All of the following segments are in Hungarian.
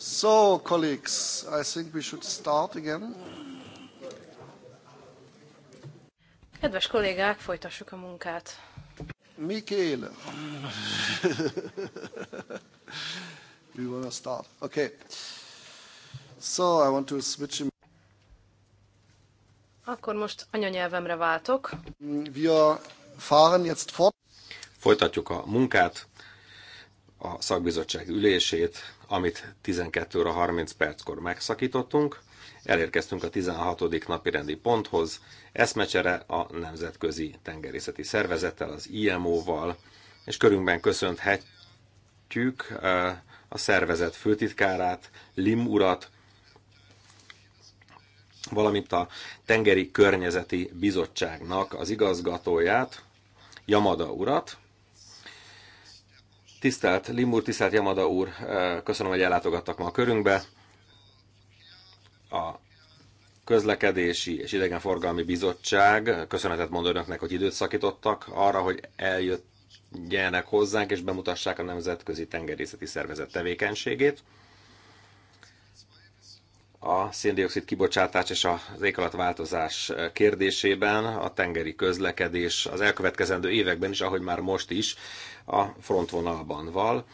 So, colleagues, I think we should start again. Kedves kollégák, folytassuk a munkát. Michael. we want to start. Okay. So, I want to switch in. Akkor most anyanyelvemre váltok. Mm, wir fahren jetzt fort. Folytatjuk a munkát a szakbizottság ülését, amit 12 óra 30 perckor megszakítottunk. Elérkeztünk a 16. napi rendi ponthoz, eszmecsere a Nemzetközi Tengerészeti Szervezettel, az IMO-val, és körünkben köszönthetjük a szervezet főtitkárát, Lim urat, valamint a Tengeri Környezeti Bizottságnak az igazgatóját, Yamada urat, Tisztelt Limur, tisztelt Yamada úr, eh, köszönöm, hogy ellátogattak ma a körünkbe. A közlekedési és idegenforgalmi bizottság köszönetet mond önöknek, hogy időt szakítottak arra, hogy eljöjjenek hozzánk és bemutassák a Nemzetközi Tengerészeti Szervezet tevékenységét. A széndiokszid kibocsátás és az változás kérdésében a tengeri közlekedés az elkövetkezendő években is, ahogy már most is, a frontvonalban van.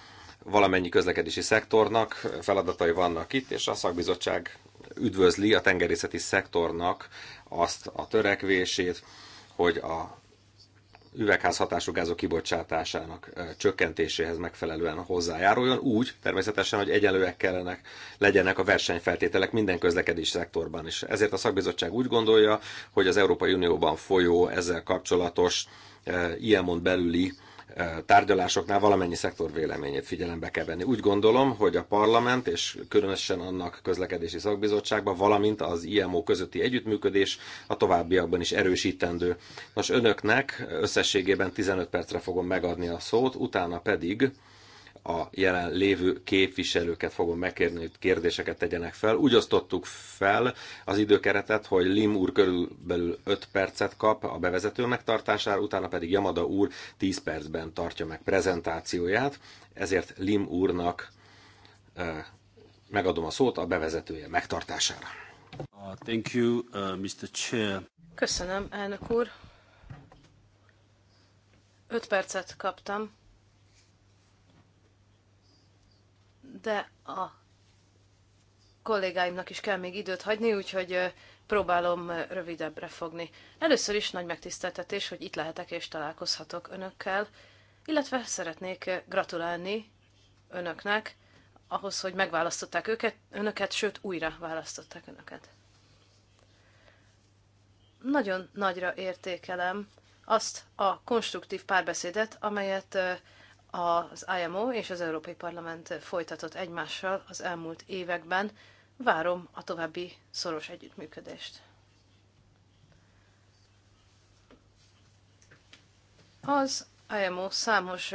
Valamennyi közlekedési szektornak feladatai vannak itt, és a szakbizottság üdvözli a tengerészeti szektornak azt a törekvését, hogy a üvegházhatású gázok kibocsátásának csökkentéséhez megfelelően hozzájáruljon, úgy természetesen, hogy egyenlőek kellenek legyenek a versenyfeltételek minden közlekedés szektorban is. Ezért a szakbizottság úgy gondolja, hogy az Európai Unióban folyó ezzel kapcsolatos ilyen mond belüli tárgyalásoknál valamennyi szektor véleményét figyelembe kell venni. Úgy gondolom, hogy a parlament, és különösen annak közlekedési szakbizottságban, valamint az IMO közötti együttműködés a továbbiakban is erősítendő. Nos, önöknek összességében 15 percre fogom megadni a szót, utána pedig a jelen lévő képviselőket fogom megkérni, hogy kérdéseket tegyenek fel. Úgy osztottuk fel az időkeretet, hogy Lim úr körülbelül 5 percet kap a bevezető megtartására, utána pedig Yamada úr 10 percben tartja meg prezentációját, ezért Lim úrnak megadom a szót a bevezetője megtartására. Uh, thank you, uh, Mr. Chair. Köszönöm, elnök úr. 5 percet kaptam de a kollégáimnak is kell még időt hagyni, úgyhogy próbálom rövidebbre fogni. Először is nagy megtiszteltetés, hogy itt lehetek és találkozhatok önökkel, illetve szeretnék gratulálni önöknek ahhoz, hogy megválasztották őket, önöket, sőt újra választották önöket. Nagyon nagyra értékelem azt a konstruktív párbeszédet, amelyet az IMO és az Európai Parlament folytatott egymással az elmúlt években. Várom a további szoros együttműködést. Az IMO számos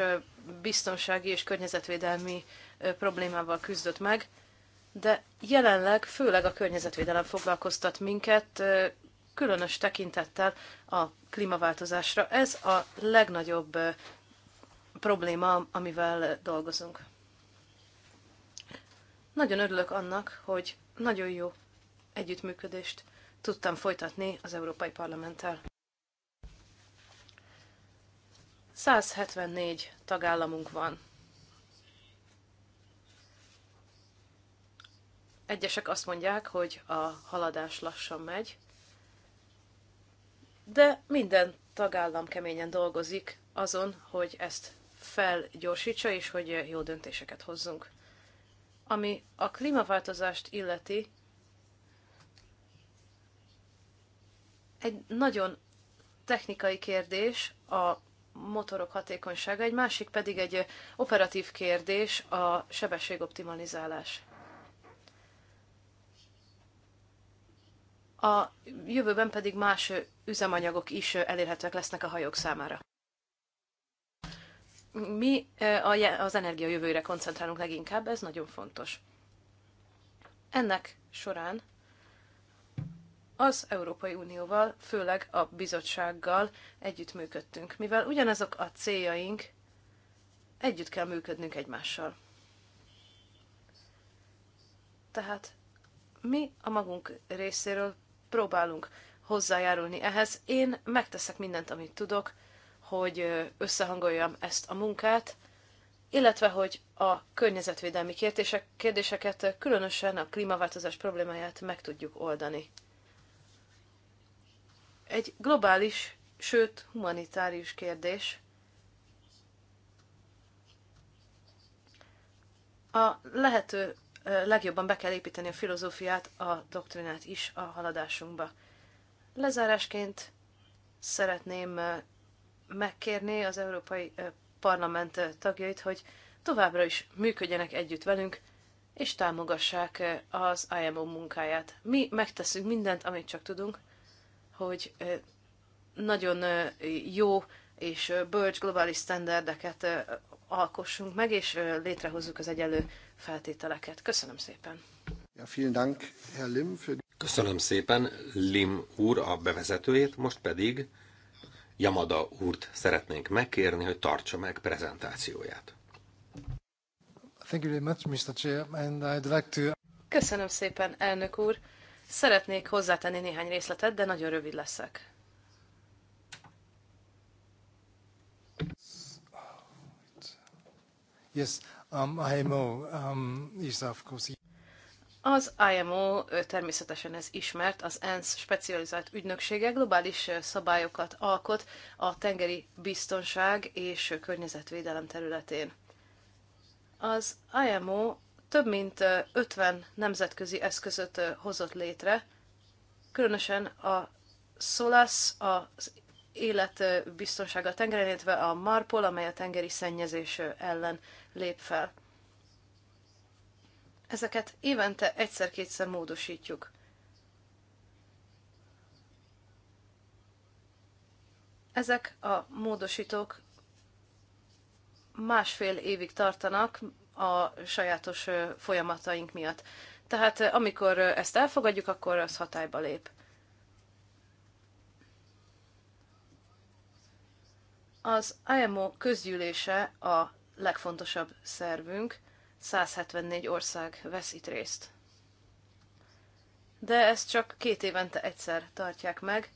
biztonsági és környezetvédelmi problémával küzdött meg, de jelenleg főleg a környezetvédelem foglalkoztat minket, különös tekintettel a klímaváltozásra. Ez a legnagyobb probléma, amivel dolgozunk. Nagyon örülök annak, hogy nagyon jó együttműködést tudtam folytatni az Európai Parlamenttel. 174 tagállamunk van. Egyesek azt mondják, hogy a haladás lassan megy, de minden tagállam keményen dolgozik azon, hogy ezt felgyorsítsa, és hogy jó döntéseket hozzunk. Ami a klímaváltozást illeti, egy nagyon technikai kérdés a motorok hatékonysága, egy másik pedig egy operatív kérdés a sebességoptimalizálás. A jövőben pedig más üzemanyagok is elérhetőek lesznek a hajók számára mi az energia jövőre koncentrálunk leginkább, ez nagyon fontos. Ennek során az Európai Unióval, főleg a bizottsággal együttműködtünk, mivel ugyanazok a céljaink, együtt kell működnünk egymással. Tehát mi a magunk részéről próbálunk hozzájárulni ehhez. Én megteszek mindent, amit tudok, hogy összehangoljam ezt a munkát, illetve hogy a környezetvédelmi kérdések, kérdéseket, különösen a klímaváltozás problémáját meg tudjuk oldani. Egy globális, sőt humanitárius kérdés. A lehető legjobban be kell építeni a filozófiát, a doktrinát is a haladásunkba. Lezárásként szeretném megkérni az Európai Parlament tagjait, hogy továbbra is működjenek együtt velünk, és támogassák az IMO munkáját. Mi megteszünk mindent, amit csak tudunk, hogy nagyon jó és bölcs globális standardeket alkossunk meg, és létrehozzuk az egyenlő feltételeket. Köszönöm szépen! Ja, vielen Dank, Herr Lim, für... Köszönöm szépen Lim úr a bevezetőjét, most pedig Yamada úrt szeretnénk megkérni, hogy tartsa meg prezentációját. Köszönöm szépen, elnök úr. Szeretnék hozzátenni néhány részletet, de nagyon rövid leszek. Yes, um, IMO um, is of course az IMO természetesen ez ismert, az ENSZ specializált ügynöksége globális szabályokat alkot a tengeri biztonság és környezetvédelem területén. Az IMO több mint 50 nemzetközi eszközöt hozott létre, különösen a SOLAS, az életbiztonsága tengeren, illetve a MARPOL, amely a tengeri szennyezés ellen lép fel ezeket évente egyszer-kétszer módosítjuk. Ezek a módosítók másfél évig tartanak a sajátos folyamataink miatt. Tehát amikor ezt elfogadjuk, akkor az hatályba lép. Az IMO közgyűlése a legfontosabb szervünk, 174 ország vesz itt részt. De ezt csak két évente egyszer tartják meg,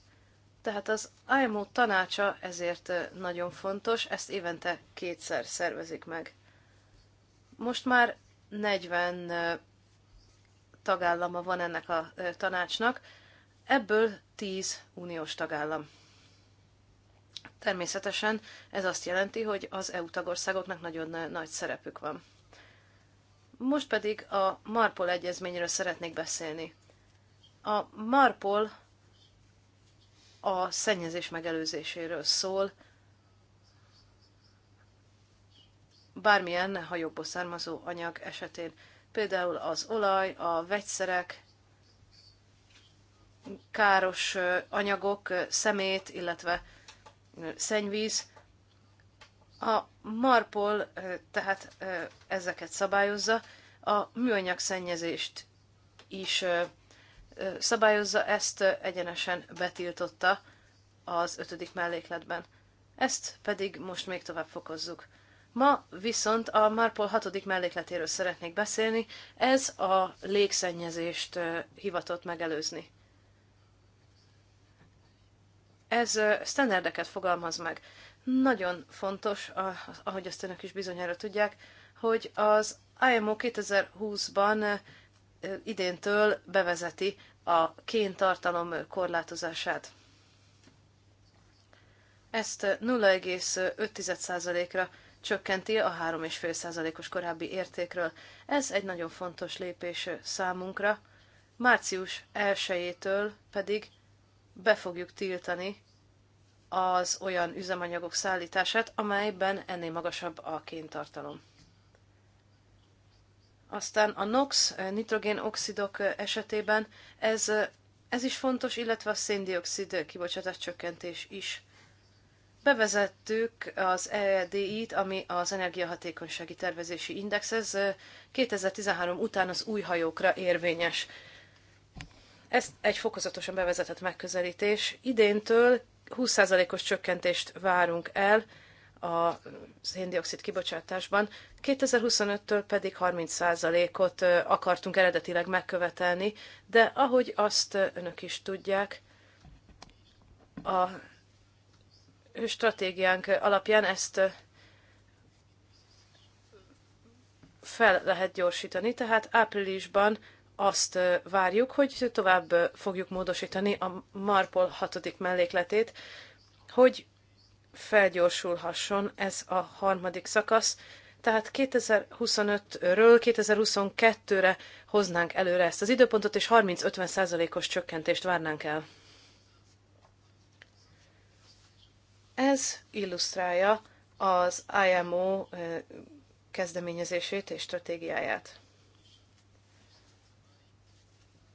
tehát az IMO tanácsa ezért nagyon fontos, ezt évente kétszer szervezik meg. Most már 40 tagállama van ennek a tanácsnak, ebből 10 uniós tagállam. Természetesen ez azt jelenti, hogy az EU tagországoknak nagyon nagy szerepük van. Most pedig a Marpol egyezményről szeretnék beszélni. A Marpol a szennyezés megelőzéséről szól, bármilyen hajókból származó anyag esetén. Például az olaj, a vegyszerek, káros anyagok, szemét, illetve szennyvíz, a Marpol tehát ezeket szabályozza, a műanyag szennyezést is szabályozza, ezt egyenesen betiltotta az ötödik mellékletben. Ezt pedig most még tovább fokozzuk. Ma viszont a Marpol hatodik mellékletéről szeretnék beszélni, ez a légszennyezést hivatott megelőzni. Ez standardeket fogalmaz meg. Nagyon fontos, ahogy azt önök is bizonyára tudják, hogy az IMO 2020-ban idéntől bevezeti a kéntartalom korlátozását. Ezt 0,5%-ra csökkenti a 3,5%-os korábbi értékről. Ez egy nagyon fontos lépés számunkra. Március 1-től pedig be fogjuk tiltani az olyan üzemanyagok szállítását, amelyben ennél magasabb a kéntartalom. Aztán a NOx, nitrogénoxidok esetében ez, ez is fontos, illetve a széndiokszid kibocsátás csökkentés is. Bevezettük az edi t ami az energiahatékonysági tervezési index, ez 2013 után az új hajókra érvényes. Ez egy fokozatosan bevezetett megközelítés. Idéntől 20%-os csökkentést várunk el a széndiokszid kibocsátásban, 2025-től pedig 30%-ot akartunk eredetileg megkövetelni, de ahogy azt önök is tudják, a stratégiánk alapján ezt fel lehet gyorsítani, tehát áprilisban azt várjuk, hogy tovább fogjuk módosítani a Marpol hatodik mellékletét, hogy felgyorsulhasson ez a harmadik szakasz, tehát 2025-ről 2022-re hoznánk előre ezt az időpontot, és 30-50 százalékos csökkentést várnánk el. Ez illusztrálja az IMO kezdeményezését és stratégiáját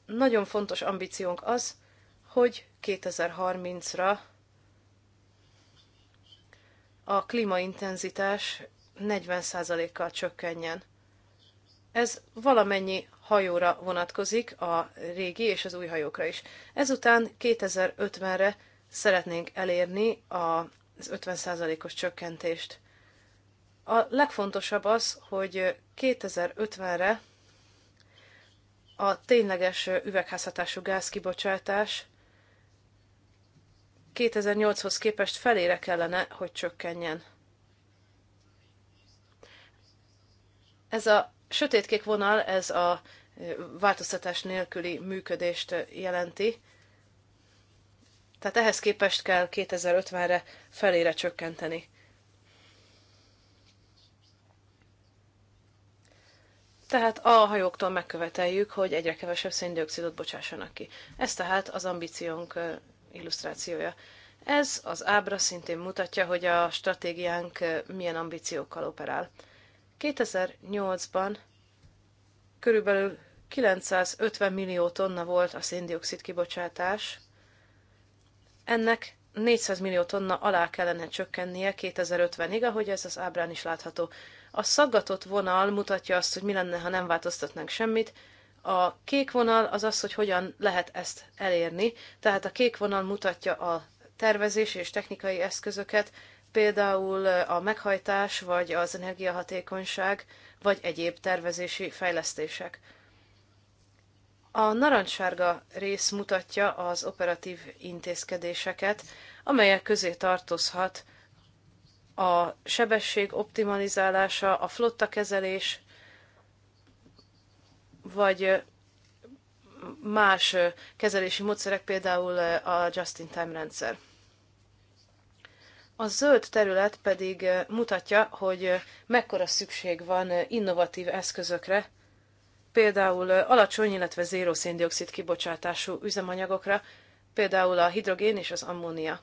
nagyon fontos ambíciónk az, hogy 2030-ra a klímaintenzitás 40%-kal csökkenjen. Ez valamennyi hajóra vonatkozik, a régi és az új hajókra is. Ezután 2050-re szeretnénk elérni az 50%-os csökkentést. A legfontosabb az, hogy 2050-re a tényleges üvegházhatású gázkibocsátás 2008-hoz képest felére kellene, hogy csökkenjen. Ez a sötétkék vonal, ez a változtatás nélküli működést jelenti. Tehát ehhez képest kell 2050-re felére csökkenteni. Tehát a hajóktól megköveteljük, hogy egyre kevesebb széndiokszidot bocsássanak ki. Ez tehát az ambíciónk illusztrációja. Ez az ábra szintén mutatja, hogy a stratégiánk milyen ambíciókkal operál. 2008-ban körülbelül 950 millió tonna volt a széndiokszid kibocsátás. Ennek 400 millió tonna alá kellene csökkennie 2050-ig, ahogy ez az ábrán is látható. A szaggatott vonal mutatja azt, hogy mi lenne, ha nem változtatnánk semmit, a kék vonal az az, hogy hogyan lehet ezt elérni, tehát a kék vonal mutatja a tervezés és technikai eszközöket, például a meghajtás, vagy az energiahatékonyság, vagy egyéb tervezési fejlesztések. A narancssárga rész mutatja az operatív intézkedéseket, amelyek közé tartozhat a sebesség optimalizálása, a flotta kezelés, vagy más kezelési módszerek, például a just-in-time rendszer. A zöld terület pedig mutatja, hogy mekkora szükség van innovatív eszközökre, például alacsony, illetve zéró széndiokszid kibocsátású üzemanyagokra, például a hidrogén és az ammónia.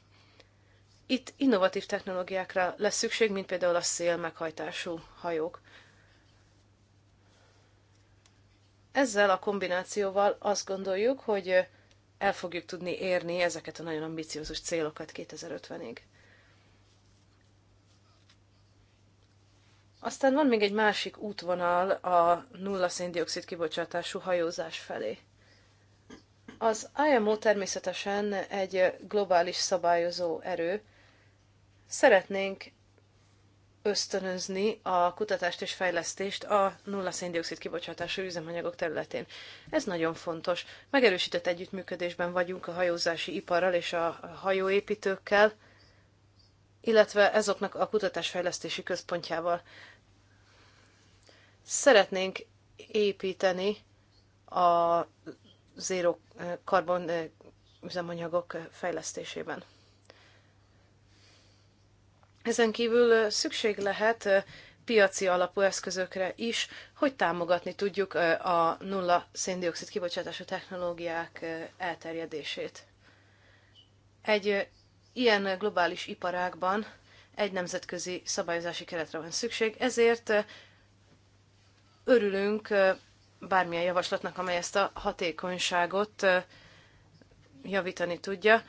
Itt innovatív technológiákra lesz szükség, mint például a szél meghajtású hajók. Ezzel a kombinációval azt gondoljuk, hogy el fogjuk tudni érni ezeket a nagyon ambiciózus célokat 2050-ig. Aztán van még egy másik útvonal a nulla széndiokszid kibocsátású hajózás felé. Az IMO természetesen egy globális szabályozó erő, Szeretnénk ösztönözni a kutatást és fejlesztést a nulla széndiokszid kibocsátású üzemanyagok területén. Ez nagyon fontos. Megerősített együttműködésben vagyunk a hajózási iparral és a hajóépítőkkel, illetve ezoknak a kutatásfejlesztési központjával. Szeretnénk építeni a zéró karbon eh, üzemanyagok fejlesztésében. Ezen kívül szükség lehet piaci alapú eszközökre is, hogy támogatni tudjuk a nulla széndiokszid kibocsátású technológiák elterjedését. Egy ilyen globális iparágban egy nemzetközi szabályozási keretre van szükség, ezért örülünk bármilyen javaslatnak, amely ezt a hatékonyságot javítani tudja.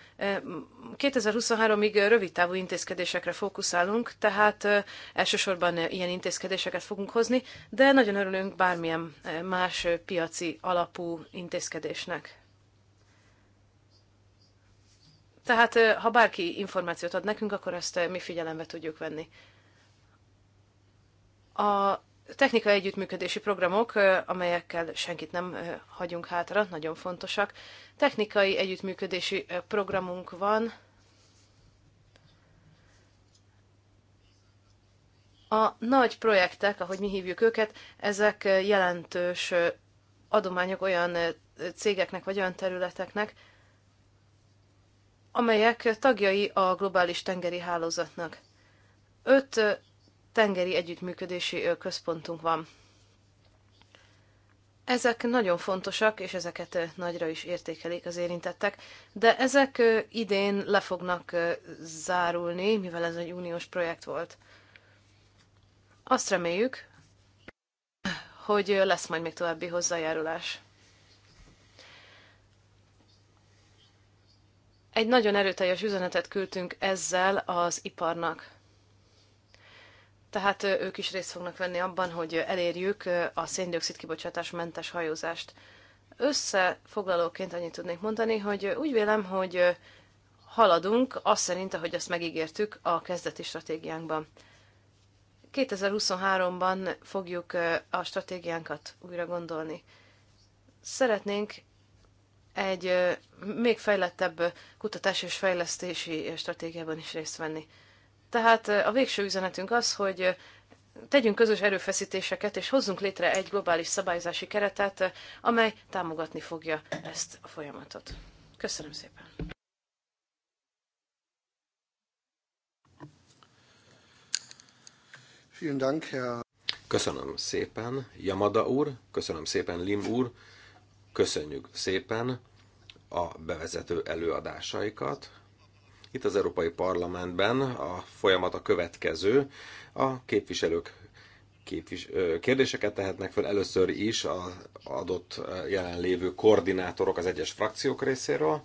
2023-ig rövid távú intézkedésekre fókuszálunk, tehát elsősorban ilyen intézkedéseket fogunk hozni, de nagyon örülünk bármilyen más piaci alapú intézkedésnek. Tehát ha bárki információt ad nekünk, akkor ezt mi figyelembe tudjuk venni. A technikai együttműködési programok, amelyekkel senkit nem hagyunk hátra, nagyon fontosak. Technikai együttműködési programunk van. A nagy projektek, ahogy mi hívjuk őket, ezek jelentős adományok olyan cégeknek vagy olyan területeknek, amelyek tagjai a globális tengeri hálózatnak. Öt tengeri együttműködési központunk van. Ezek nagyon fontosak, és ezeket nagyra is értékelik az érintettek, de ezek idén le fognak zárulni, mivel ez egy uniós projekt volt. Azt reméljük, hogy lesz majd még további hozzájárulás. Egy nagyon erőteljes üzenetet küldtünk ezzel az iparnak tehát ők is részt fognak venni abban, hogy elérjük a széndiokszid kibocsátás mentes hajózást. Összefoglalóként annyit tudnék mondani, hogy úgy vélem, hogy haladunk azt szerint, ahogy azt megígértük a kezdeti stratégiánkban. 2023-ban fogjuk a stratégiánkat újra gondolni. Szeretnénk egy még fejlettebb kutatás és fejlesztési stratégiában is részt venni. Tehát a végső üzenetünk az, hogy tegyünk közös erőfeszítéseket, és hozzunk létre egy globális szabályozási keretet, amely támogatni fogja ezt a folyamatot. Köszönöm szépen! Köszönöm szépen, Yamada úr, köszönöm szépen, Lim úr, köszönjük szépen a bevezető előadásaikat. Itt az Európai Parlamentben a folyamat a következő. A képviselők képvis- kérdéseket tehetnek fel először is az adott jelenlévő koordinátorok az egyes frakciók részéről,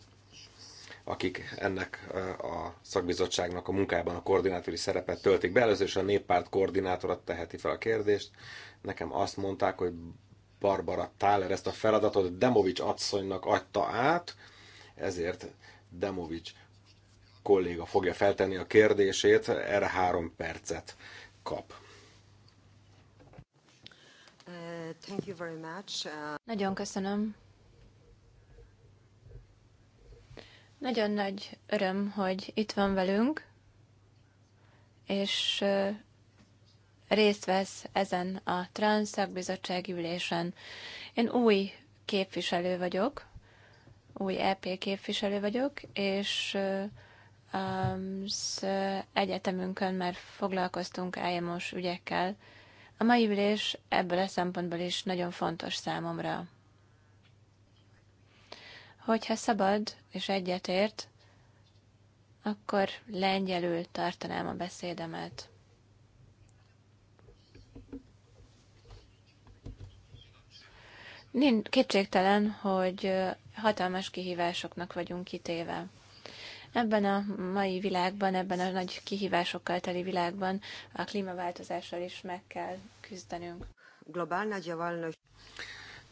akik ennek a szakbizottságnak a munkában a koordinátori szerepet töltik be. Először is a néppárt koordinátora teheti fel a kérdést. Nekem azt mondták, hogy Barbara Táler ezt a feladatot Demovics asszonynak adta át, ezért Demovics kolléga fogja feltenni a kérdését, erre három percet kap. Uh, thank you very much. Uh, Nagyon köszönöm. Nagyon nagy öröm, hogy itt van velünk, és uh, részt vesz ezen a Transzakbizottság ülésen. Én új képviselő vagyok, új EP képviselő vagyok, és az um, egyetemünkön már foglalkoztunk álljamos ügyekkel. A mai ülés ebből a szempontból is nagyon fontos számomra. Hogyha szabad és egyetért, akkor lengyelül tartanám a beszédemet. Kétségtelen, hogy hatalmas kihívásoknak vagyunk kitéve. Ebben a mai világban, ebben a nagy kihívásokkal teli világban a klímaváltozással is meg kell küzdenünk.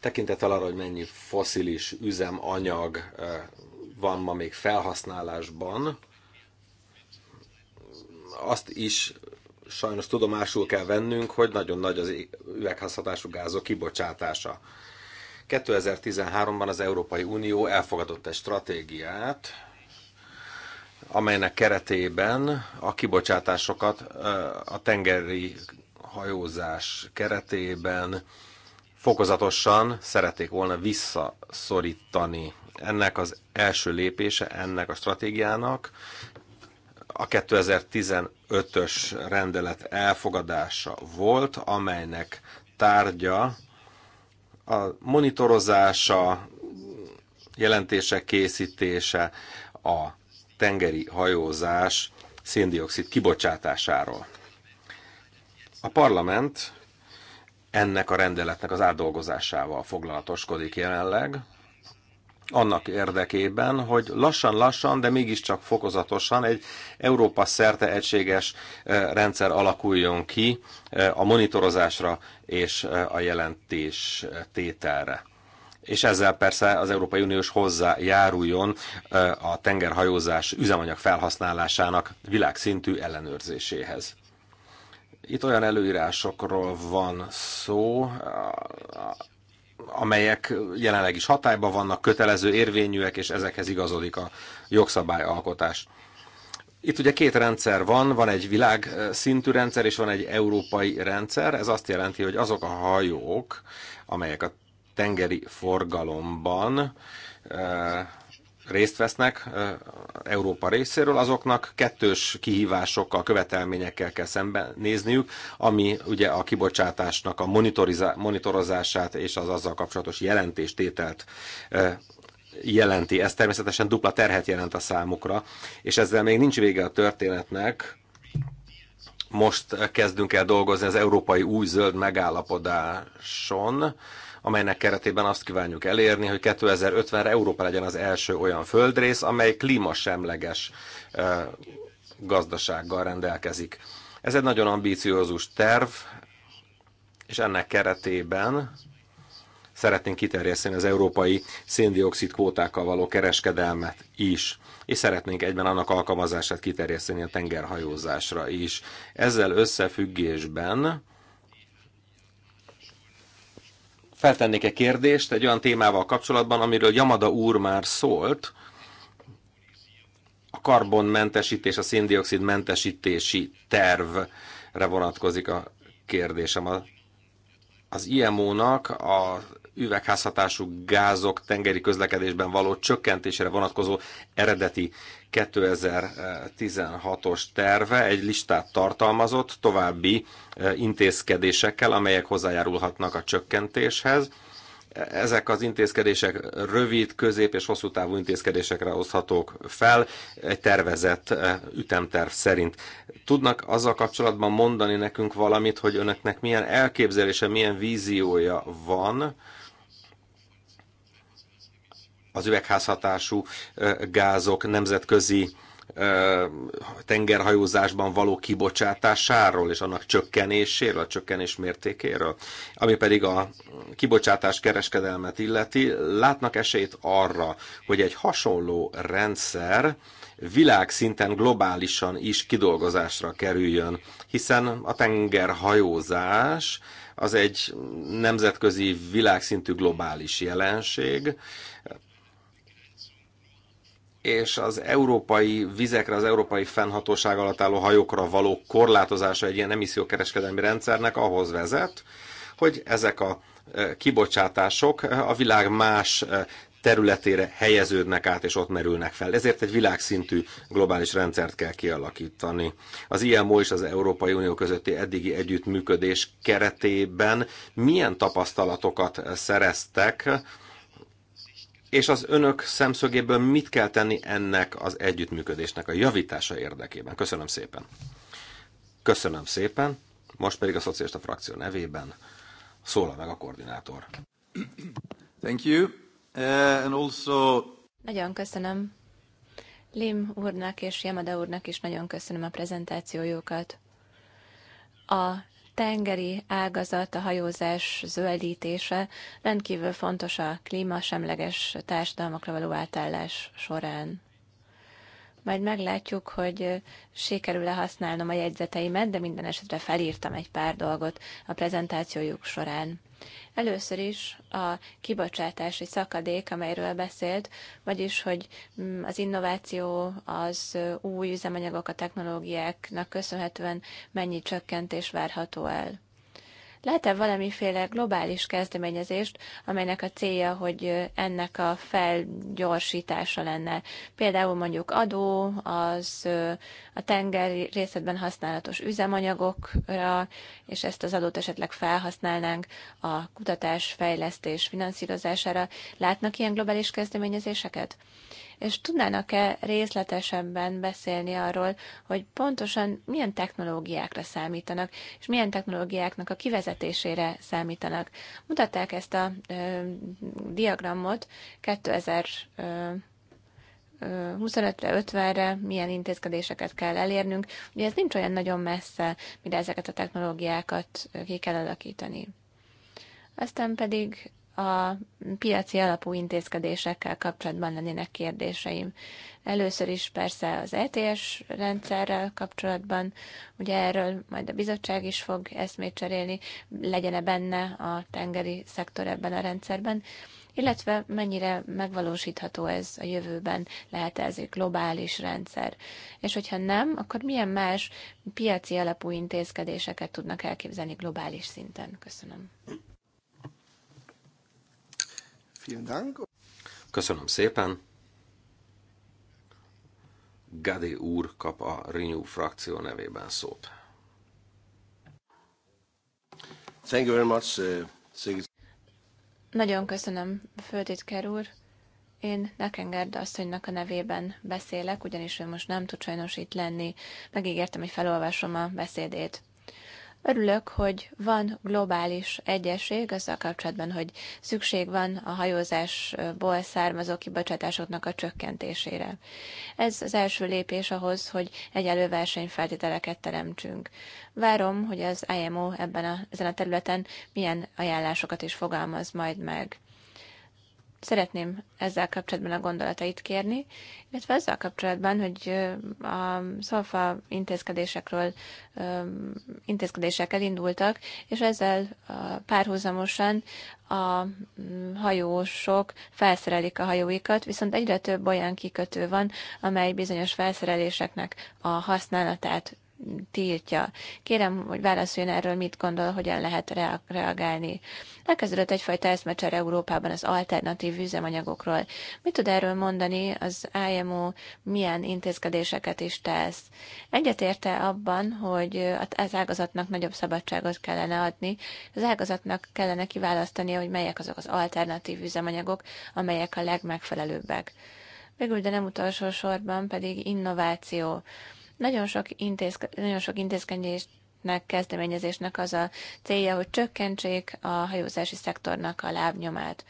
Tekintettel arra, hogy mennyi foszilis üzemanyag eh, van ma még felhasználásban, azt is sajnos tudomásul kell vennünk, hogy nagyon nagy az üvegházhatású gázok kibocsátása. 2013-ban az Európai Unió elfogadott egy stratégiát, amelynek keretében a kibocsátásokat a tengeri hajózás keretében fokozatosan szerették volna visszaszorítani. Ennek az első lépése ennek a stratégiának a 2015-ös rendelet elfogadása volt, amelynek tárgya a monitorozása, jelentések készítése, a tengeri hajózás széndiokszid kibocsátásáról. A parlament ennek a rendeletnek az átdolgozásával foglalatoskodik jelenleg, annak érdekében, hogy lassan-lassan, de mégiscsak fokozatosan egy Európa szerte egységes eh, rendszer alakuljon ki eh, a monitorozásra és eh, a jelentés tételre és ezzel persze az Európai Uniós hozzájáruljon eh, a tengerhajózás üzemanyag felhasználásának világszintű ellenőrzéséhez. Itt olyan előírásokról van szó, eh, amelyek jelenleg is hatályban vannak, kötelező érvényűek, és ezekhez igazodik a jogszabályalkotás. Itt ugye két rendszer van, van egy világszintű eh, rendszer, és van egy európai rendszer. Ez azt jelenti, hogy azok a hajók, amelyek a tengeri forgalomban eh, részt vesznek eh, Európa részéről, azoknak kettős kihívásokkal, követelményekkel kell szembenézniük, ami ugye a kibocsátásnak a monitorozását és az azzal kapcsolatos jelentéstételt eh, jelenti. Ez természetesen dupla terhet jelent a számukra, és ezzel még nincs vége a történetnek. Most kezdünk el dolgozni az európai új zöld megállapodáson, amelynek keretében azt kívánjuk elérni, hogy 2050-re Európa legyen az első olyan földrész, amely klímasemleges gazdasággal rendelkezik. Ez egy nagyon ambíciózus terv, és ennek keretében szeretnénk kiterjeszteni az európai széndiokszid kvótákkal való kereskedelmet is, és szeretnénk egyben annak alkalmazását kiterjeszteni a tengerhajózásra is. Ezzel összefüggésben feltennék egy kérdést egy olyan témával kapcsolatban, amiről Yamada úr már szólt, a karbonmentesítés, a széndiokszid mentesítési tervre vonatkozik a kérdésem. Az IMO-nak az üvegházhatású gázok tengeri közlekedésben való csökkentésére vonatkozó eredeti 2016-os terve egy listát tartalmazott további e, intézkedésekkel, amelyek hozzájárulhatnak a csökkentéshez. Ezek az intézkedések rövid, közép és hosszú távú intézkedésekre oszthatók fel egy tervezett e, ütemterv szerint. Tudnak azzal kapcsolatban mondani nekünk valamit, hogy önöknek milyen elképzelése, milyen víziója van, az üvegházhatású gázok nemzetközi tengerhajózásban való kibocsátásáról és annak csökkenéséről, a csökkenés mértékéről. Ami pedig a kibocsátás kereskedelmet illeti, látnak esélyt arra, hogy egy hasonló rendszer világszinten globálisan is kidolgozásra kerüljön, hiszen a tengerhajózás az egy nemzetközi világszintű globális jelenség, és az európai vizekre, az európai fennhatóság alatt álló hajókra való korlátozása egy ilyen emissziókereskedelmi rendszernek ahhoz vezet, hogy ezek a e, kibocsátások e, a világ más e, területére helyeződnek át, és ott merülnek fel. Ezért egy világszintű globális rendszert kell kialakítani. Az IMO és az Európai Unió közötti eddigi együttműködés keretében milyen tapasztalatokat szereztek és az önök szemszögéből mit kell tenni ennek az együttműködésnek a javítása érdekében? Köszönöm szépen. Köszönöm szépen. Most pedig a szocialista frakció nevében szólal meg a koordinátor. Thank you. Uh, and also... Nagyon köszönöm. Lim úrnak és Yamada úrnak is nagyon köszönöm a prezentációjukat. A tengeri ágazat, a hajózás zöldítése rendkívül fontos a klímasemleges társadalmakra való átállás során. Majd meglátjuk, hogy sikerül-e használnom a jegyzeteimet, de minden esetre felírtam egy pár dolgot a prezentációjuk során. Először is a kibocsátási szakadék, amelyről beszélt, vagyis, hogy mm, az innováció, az új üzemanyagok, a technológiáknak köszönhetően mennyi csökkentés várható el. Lehet-e valamiféle globális kezdeményezést, amelynek a célja, hogy ennek a felgyorsítása lenne? Például mondjuk adó, az a tengeri részletben használatos üzemanyagokra, és ezt az adót esetleg felhasználnánk a kutatás, fejlesztés finanszírozására. Látnak ilyen globális kezdeményezéseket? és tudnának-e részletesebben beszélni arról, hogy pontosan milyen technológiákra számítanak, és milyen technológiáknak a kivezetésére számítanak. Mutatták ezt a ö, diagramot 2000 ö, 25-re, 50-re milyen intézkedéseket kell elérnünk. Ugye ez nincs olyan nagyon messze, mire ezeket a technológiákat ki kell alakítani. Aztán pedig a piaci alapú intézkedésekkel kapcsolatban lennének kérdéseim. Először is persze az ETS rendszerrel kapcsolatban, ugye erről majd a bizottság is fog eszmét cserélni, legyen-e benne a tengeri szektor ebben a rendszerben, illetve mennyire megvalósítható ez a jövőben, lehet -e ez egy globális rendszer. És hogyha nem, akkor milyen más piaci alapú intézkedéseket tudnak elképzelni globális szinten? Köszönöm. Köszönöm szépen. Gadi úr kap a Renew frakció nevében szót. Thank you very much, uh, Nagyon köszönöm, Földitker úr. Én Nekengerd asszonynak a nevében beszélek, ugyanis ő most nem tud sajnos itt lenni. Megígértem, hogy felolvasom a beszédét. Örülök, hogy van globális egyesség azzal kapcsolatban, hogy szükség van a hajózásból származó kibocsátásoknak a csökkentésére. Ez az első lépés ahhoz, hogy egyelő versenyfeltételeket teremtsünk. Várom, hogy az IMO ebben a, ezen a területen milyen ajánlásokat is fogalmaz majd meg. Szeretném ezzel kapcsolatban a gondolatait kérni, illetve ezzel kapcsolatban, hogy a szolfa intézkedésekről intézkedések elindultak, és ezzel párhuzamosan a mm, hajósok felszerelik a hajóikat, viszont egyre több olyan kikötő van, amely bizonyos felszereléseknek a használatát tiltja. Kérem, hogy válaszoljon erről, mit gondol, hogyan lehet reagálni. Elkezdődött egyfajta eszmecsere Európában az alternatív üzemanyagokról. Mit tud erről mondani az IMO, milyen intézkedéseket is tesz? Egyetérte abban, hogy az ágazatnak nagyobb szabadságot kellene adni, az ágazatnak kellene kiválasztania, hogy melyek azok az alternatív üzemanyagok, amelyek a legmegfelelőbbek. Végül, de nem utolsó sorban pedig innováció nagyon sok, intézke, nagyon sok intézkedésnek, kezdeményezésnek az a célja, hogy csökkentsék a hajózási szektornak a lábnyomát.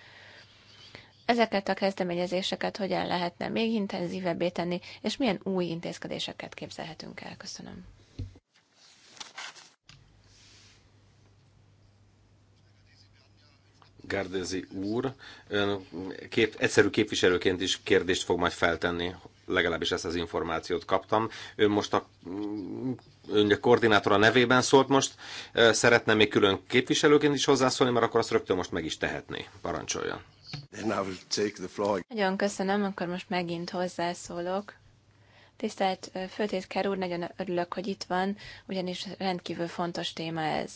Ezeket a kezdeményezéseket hogyan lehetne még intenzívebbé tenni, és milyen új intézkedéseket képzelhetünk el? Köszönöm. Gárdezi úr, ön egyszerű képviselőként is kérdést fog majd feltenni legalábbis ezt az információt kaptam. Ő most a, mm, ön a koordinátora nevében szólt most, szeretne még külön képviselőként is hozzászólni, mert akkor azt rögtön most meg is tehetné. Parancsoljon. Nagyon köszönöm, akkor most megint hozzászólok. Tisztelt Főtétkár úr, nagyon örülök, hogy itt van, ugyanis rendkívül fontos téma ez.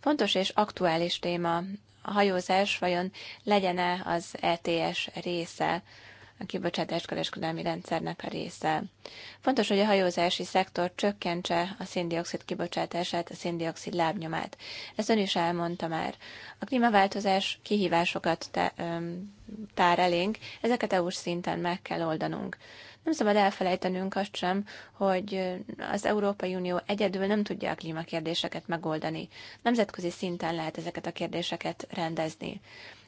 Fontos és aktuális téma. A hajózás vajon legyen-e az ETS része? a kereskedelmi rendszernek a része. Fontos, hogy a hajózási szektor csökkentse a széndiokszid kibocsátását, a széndiokszid lábnyomát. Ezt ön is elmondta már. A klímaváltozás kihívásokat te, öm, tár elénk, ezeket eu szinten meg kell oldanunk. Nem szabad elfelejtenünk azt sem, hogy az Európai Unió egyedül nem tudja a klímakérdéseket megoldani. Nemzetközi szinten lehet ezeket a kérdéseket rendezni.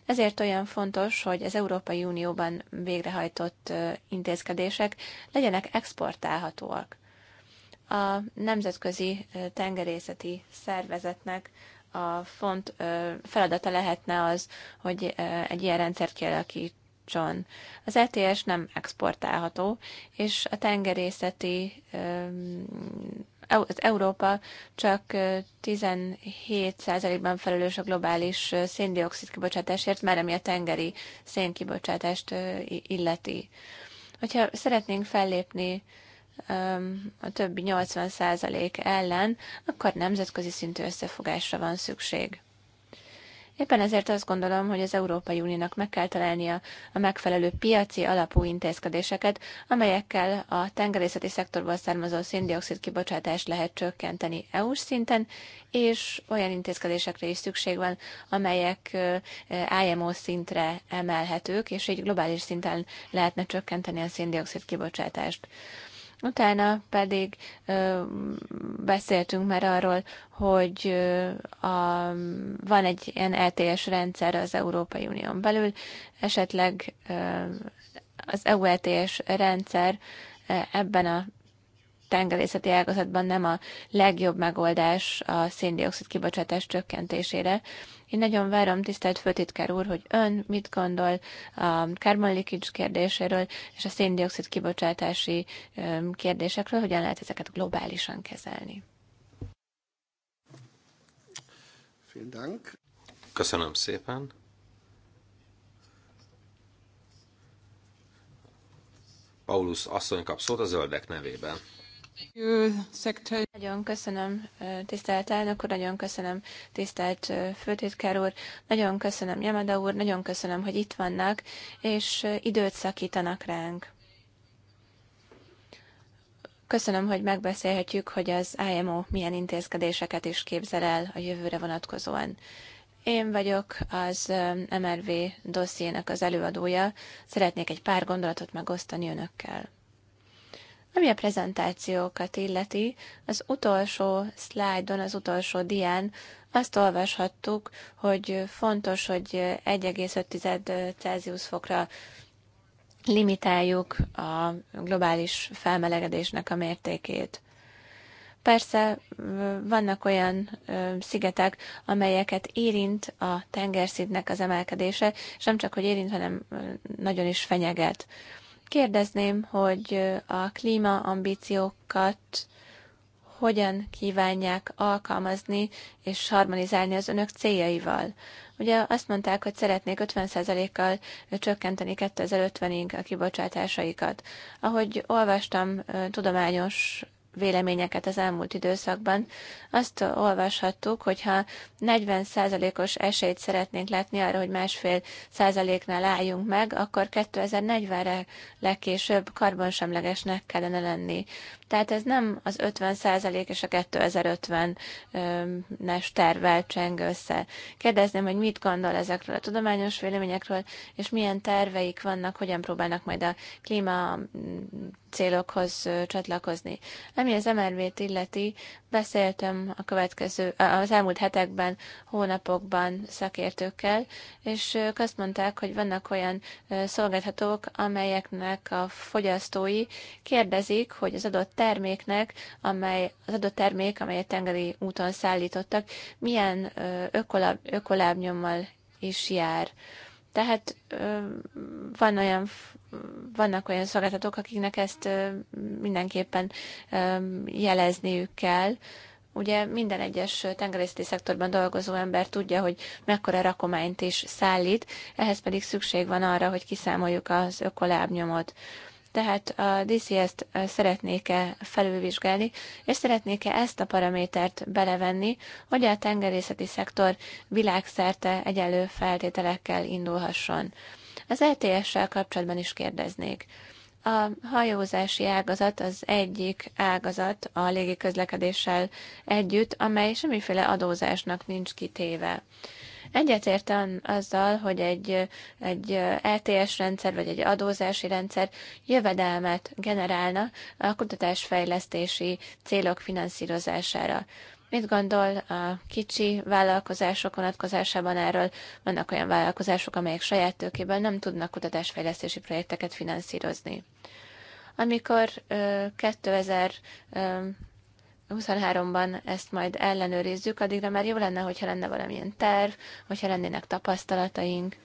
Ezért olyan fontos, hogy az Európai Unióban végrehajtott intézkedések legyenek exportálhatóak. A Nemzetközi Tengerészeti Szervezetnek a font feladata lehetne az, hogy egy ilyen rendszert kialakítson. Az ETS nem exportálható, és a tengerészeti az Európa csak 17%-ban felelős a globális széndiokszid kibocsátásért, már ami a tengeri szénkibocsátást illeti. Hogyha szeretnénk fellépni a többi 80% ellen, akkor nemzetközi szintű összefogásra van szükség. Éppen ezért azt gondolom, hogy az Európai Uniónak meg kell találnia a megfelelő piaci alapú intézkedéseket, amelyekkel a tengerészeti szektorból származó széndiokszid kibocsátást lehet csökkenteni EU-s szinten, és olyan intézkedésekre is szükség van, amelyek IMO szintre emelhetők, és így globális szinten lehetne csökkenteni a széndiokszid kibocsátást. Utána pedig ö, beszéltünk már arról, hogy ö, a, van egy ilyen LTS e rendszer az Európai Unión belül, esetleg ö, az EU LTS rendszer ebben a tengerészeti ágazatban nem a legjobb megoldás a széndiokszid kibocsátás csökkentésére. Én nagyon várom, tisztelt főtitkár úr, hogy ön mit gondol a carbon leakage kérdéséről és a széndiokszid kibocsátási kérdésekről, hogyan lehet ezeket globálisan kezelni. Köszönöm szépen. Paulus asszony kap szót a zöldek nevében. Nagyon köszönöm, tisztelt elnök úr, nagyon köszönöm, tisztelt főtitkár úr, nagyon köszönöm, Jemeda úr, nagyon köszönöm, hogy itt vannak, és időt szakítanak ránk. Köszönöm, hogy megbeszélhetjük, hogy az IMO milyen intézkedéseket is képzel el a jövőre vonatkozóan. Én vagyok az MRV dossziének az előadója, szeretnék egy pár gondolatot megosztani önökkel. Ami a prezentációkat illeti, az utolsó szlájdon, az utolsó dián azt olvashattuk, hogy fontos, hogy 1,5 Celsius fokra limitáljuk a globális felmelegedésnek a mértékét. Persze mm, vannak olyan mm, szigetek, amelyeket érint a tengerszintnek az emelkedése, és nem csak, hogy érint, hanem mm, nagyon is fenyeget. Kérdezném, hogy a klímaambíciókat hogyan kívánják alkalmazni és harmonizálni az önök céljaival. Ugye azt mondták, hogy szeretnék 50%-kal csökkenteni 2050-ig a kibocsátásaikat. Ahogy olvastam tudományos véleményeket az elmúlt időszakban, azt olvashattuk, hogyha 40%-os esélyt szeretnénk látni arra, hogy másfél százaléknál álljunk meg, akkor 2040-re legkésőbb karbonsemlegesnek kellene lenni. Tehát ez nem az 50 százalék és a 2050-es tervvel cseng össze. Kérdezném, hogy mit gondol ezekről a tudományos véleményekről, és milyen terveik vannak, hogyan próbálnak majd a klíma célokhoz csatlakozni. Ami az MRV-t illeti, beszéltem a következő, az elmúlt hetekben, hónapokban szakértőkkel, és ők azt mondták, hogy vannak olyan szolgáltatók, amelyeknek a fogyasztói kérdezik, hogy az adott terméknek, amely, az adott termék, amelyet tengeri úton szállítottak, milyen ökolábnyommal is jár. Tehát van olyan, vannak olyan szolgáltatók, akiknek ezt mindenképpen jelezniük kell. Ugye minden egyes tengerészeti szektorban dolgozó ember tudja, hogy mekkora rakományt is szállít, ehhez pedig szükség van arra, hogy kiszámoljuk az ökolábnyomot tehát a DCS-t szeretnék-e felülvizsgálni, és szeretnék-e ezt a paramétert belevenni, hogy a tengerészeti szektor világszerte egyenlő feltételekkel indulhasson. Az LTS-sel e kapcsolatban is kérdeznék. A hajózási ágazat az egyik ágazat a légiközlekedéssel együtt, amely semmiféle adózásnak nincs kitéve. Egyetértem azzal, hogy egy, egy LTS e rendszer vagy egy adózási rendszer jövedelmet generálna a kutatásfejlesztési célok finanszírozására. Mit gondol a kicsi vállalkozások vonatkozásában erről? Vannak olyan vállalkozások, amelyek saját tőkéből nem tudnak kutatásfejlesztési projekteket finanszírozni. Amikor 2000 23-ban ezt majd ellenőrizzük, addigra már jó lenne, hogyha lenne valamilyen terv, hogyha lennének tapasztalataink.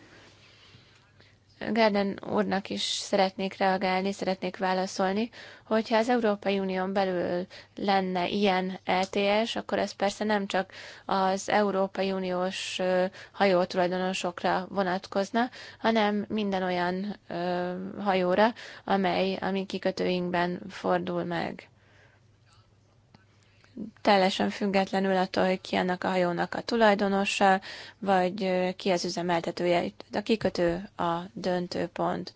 Gerden úrnak is szeretnék reagálni, szeretnék válaszolni, hogyha az Európai Unión belül lenne ilyen LTS, e akkor ez persze nem csak az Európai Uniós hajótulajdonosokra vonatkozna, hanem minden olyan hajóra, amely a mi kikötőinkben fordul meg teljesen függetlenül attól, hogy ki annak a hajónak a tulajdonosa, vagy ki az üzemeltetője. A kikötő a döntőpont.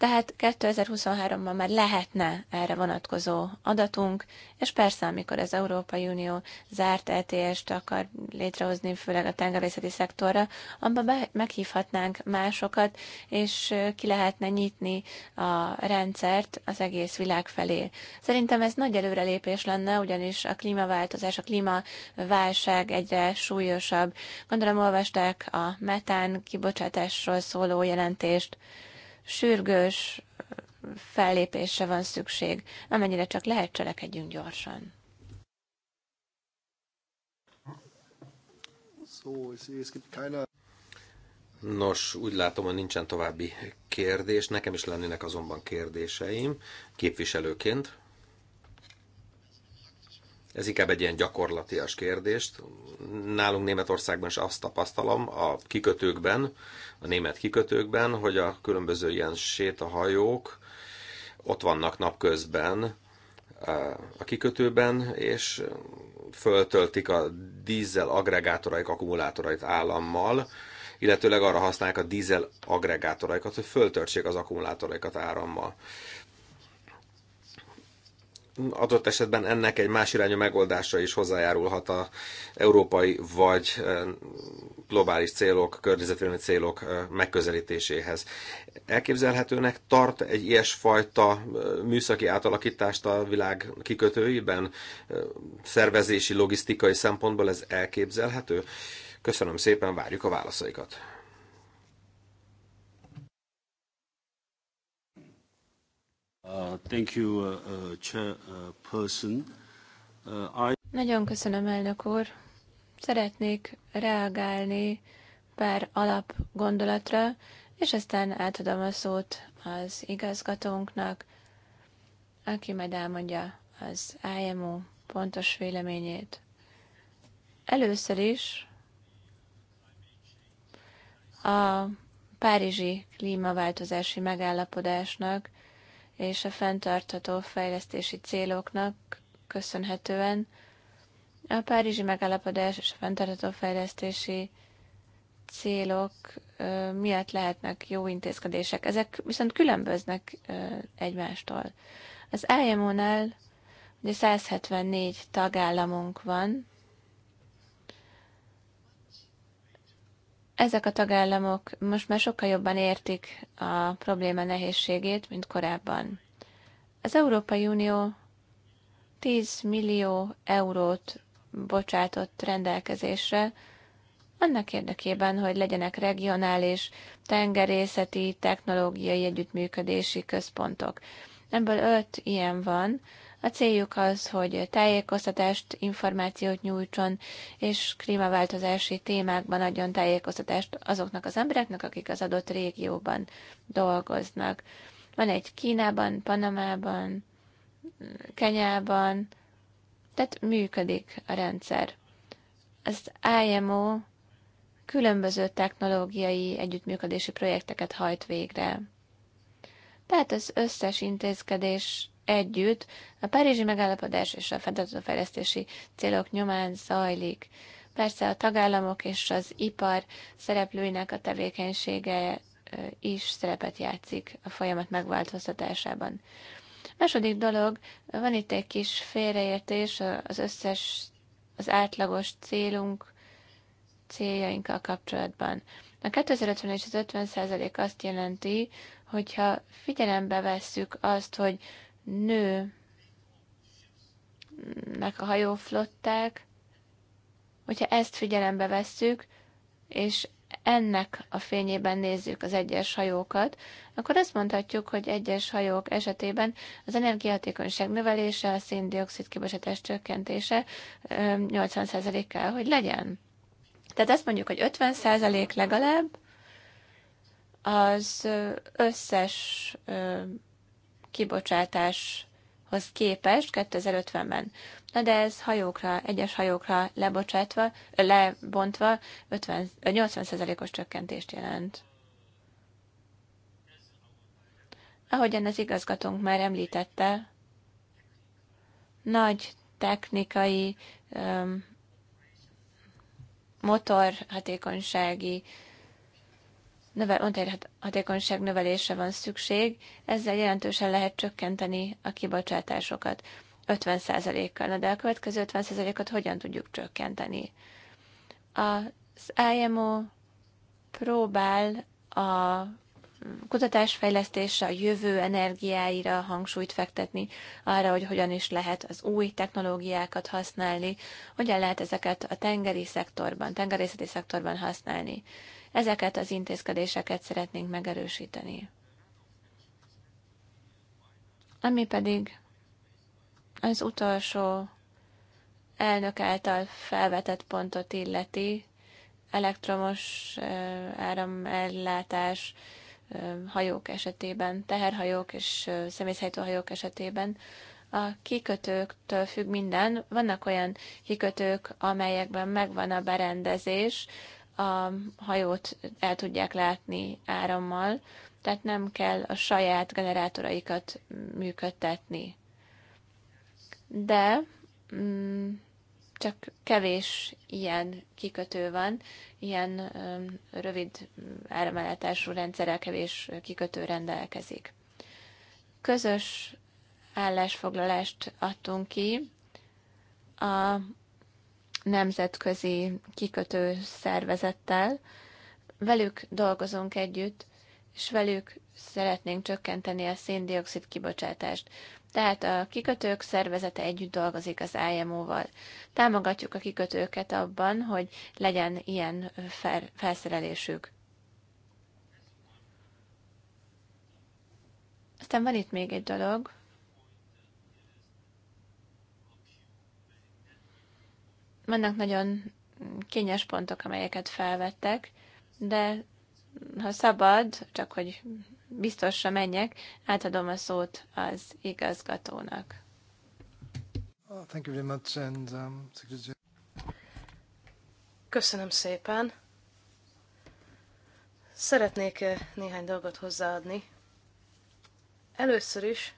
Tehát 2023-ban már lehetne erre vonatkozó adatunk, és persze, amikor az Európai Unió zárt ETS-t akar létrehozni, főleg a tengerészeti szektorra, abban meghívhatnánk másokat, és ki lehetne nyitni a rendszert az egész világ felé. Szerintem ez nagy előrelépés lenne, ugyanis a klímaváltozás, a klímaválság egyre súlyosabb. Gondolom olvasták a metán kibocsátásról szóló jelentést sürgős fellépésre van szükség, amennyire csak lehet cselekedjünk gyorsan. Nos, úgy látom, hogy nincsen további kérdés. Nekem is lennének azonban kérdéseim képviselőként. Ez inkább egy ilyen gyakorlatias kérdést. Nálunk Németországban is azt tapasztalom a kikötőkben, a német kikötőkben, hogy a különböző ilyen sétahajók ott vannak napközben eh, a kikötőben, és föltöltik a dízel agregátoraik, akkumulátorait állammal, illetőleg arra használják a dízel agregátoraikat, hogy föltörtsék az akkumulátoraikat árammal adott esetben ennek egy más irányú megoldása is hozzájárulhat a európai vagy globális célok, környezetvédelmi célok megközelítéséhez. Elképzelhetőnek tart egy ilyesfajta műszaki átalakítást a világ kikötőiben? Szervezési, logisztikai szempontból ez elképzelhető? Köszönöm szépen, várjuk a válaszaikat. Uh, thank you, uh, uh, chairperson. Uh, I... Nagyon köszönöm, elnök úr. Szeretnék reagálni pár alap gondolatra, és aztán átadom a szót az igazgatónknak, aki majd elmondja az IMO pontos véleményét. Először is a Párizsi klímaváltozási megállapodásnak és a fenntartható fejlesztési céloknak köszönhetően a Párizsi megállapodás és a fenntartható fejlesztési célok miatt lehetnek jó intézkedések. Ezek viszont különböznek egymástól. Az IMO-nál ugye 174 tagállamunk van, ezek a tagállamok most már sokkal jobban értik a probléma nehézségét, mint korábban. Az Európai Unió 10 millió eurót bocsátott rendelkezésre, annak érdekében, hogy legyenek regionális, tengerészeti, technológiai együttműködési központok. Ebből öt ilyen van, a céljuk az, hogy tájékoztatást, információt nyújtson, és klímaváltozási témákban adjon tájékoztatást azoknak az embereknek, akik az adott régióban dolgoznak. Van egy Kínában, Panamában, Kenyában, tehát működik a rendszer. Az IMO különböző technológiai együttműködési projekteket hajt végre. Tehát az összes intézkedés együtt a Párizsi megállapodás és a Fedezőfejlesztési célok nyomán zajlik. Persze a tagállamok és az ipar szereplőinek a tevékenysége is szerepet játszik a folyamat megváltoztatásában. Második dolog, van itt egy kis félreértés az összes, az átlagos célunk, céljainkkal kapcsolatban. A 2050 és az 50 százalék azt jelenti, hogyha figyelembe vesszük azt, hogy nő nek a hajóflották, hogyha ezt figyelembe vesszük, és ennek a fényében nézzük az egyes hajókat, akkor azt mondhatjuk, hogy egyes hajók esetében az energiahatékonyság növelése, a széndiokszid kibocsátás csökkentése 80% kell, hogy legyen. Tehát azt mondjuk, hogy 50% legalább az összes kibocsátáshoz képest 2050-ben. Na de ez hajókra, egyes hajókra lebocsátva, lebontva 50, 80%-os csökkentést jelent. Ahogyan az igazgatónk már említette, nagy technikai, motorhatékonysági növel, hatékonyság növelése van szükség, ezzel jelentősen lehet csökkenteni a kibocsátásokat 50%-kal. Na de a következő 50%-ot hogyan tudjuk csökkenteni? Az IMO próbál a kutatásfejlesztésre, a jövő energiáira hangsúlyt fektetni, arra, hogy hogyan is lehet az új technológiákat használni, hogyan lehet ezeket a tengeri szektorban, tengerészeti szektorban használni. Ezeket az intézkedéseket szeretnénk megerősíteni. Ami pedig az utolsó elnök által felvetett pontot illeti, elektromos áramellátás hajók esetében, teherhajók és személyszállítóhajók esetében, a kikötőktől függ minden. Vannak olyan kikötők, amelyekben megvan a berendezés, a hajót el tudják látni árammal, tehát nem kell a saját generátoraikat működtetni. De mm, csak kevés ilyen kikötő van, ilyen ö, mm, rövid áramellátású rendszerrel kevés kikötő rendelkezik. Közös állásfoglalást adtunk ki a nemzetközi kikötő szervezettel. Velük dolgozunk együtt, és velük szeretnénk csökkenteni a széndiokszid kibocsátást. Tehát a kikötők szervezete együtt dolgozik az IMO-val. Támogatjuk a kikötőket abban, hogy legyen ilyen fel- felszerelésük. Aztán van itt még egy dolog. Vannak nagyon kényes pontok, amelyeket felvettek, de ha szabad, csak hogy biztosra menjek, átadom a szót az igazgatónak. Oh, um, Köszönöm szépen. Szeretnék eh, néhány dolgot hozzáadni. Először is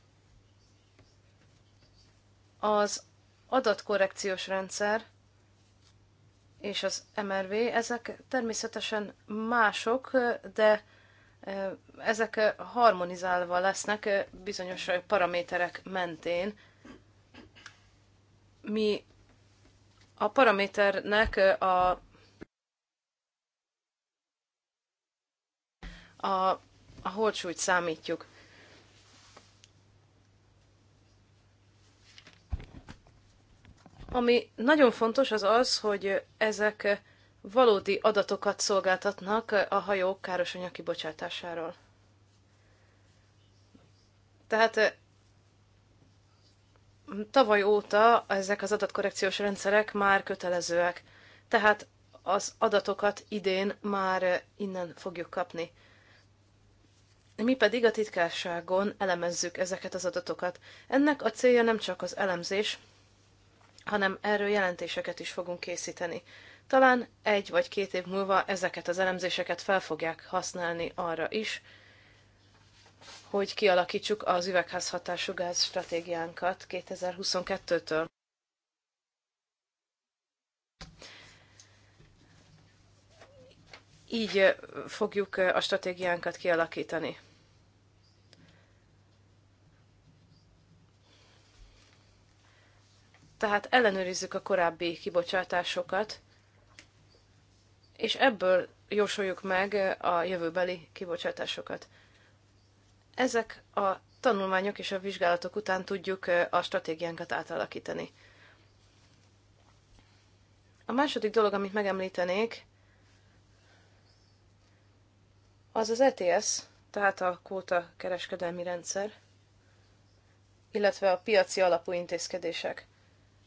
az adatkorrekciós rendszer és az MRV, ezek természetesen mások, de ezek harmonizálva lesznek bizonyos paraméterek mentén. Mi a paraméternek a, a, a holtsúlyt számítjuk. Ami nagyon fontos az az, hogy ezek valódi adatokat szolgáltatnak a hajók káros kibocsátásáról. Tehát eh, tavaly óta ezek az adatkorrekciós rendszerek már kötelezőek, tehát az adatokat idén már innen fogjuk kapni. Mi pedig a titkárságon elemezzük ezeket az adatokat. Ennek a célja nem csak az elemzés, hanem erről jelentéseket is fogunk készíteni. Talán egy vagy két év múlva ezeket az elemzéseket fel fogják használni arra is, hogy kialakítsuk az üvegházhatású gáz stratégiánkat 2022-től. Így fogjuk a stratégiánkat kialakítani. tehát ellenőrizzük a korábbi kibocsátásokat, és ebből jósoljuk meg a jövőbeli kibocsátásokat. Ezek a tanulmányok és a vizsgálatok után tudjuk a stratégiánkat átalakítani. A második dolog, amit megemlítenék, az az ETS, tehát a kóta kereskedelmi rendszer, illetve a piaci alapú intézkedések.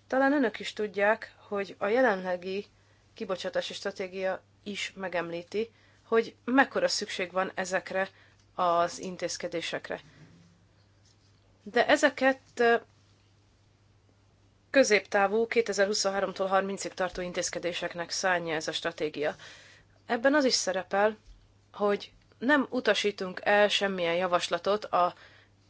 Talán önök is tudják, hogy a jelenlegi kibocsátási stratégia is megemlíti, hogy mekkora szükség van ezekre az intézkedésekre. De ezeket középtávú 2023-tól 30-ig tartó intézkedéseknek szánja ez a stratégia. Ebben az is szerepel, hogy nem utasítunk el semmilyen javaslatot a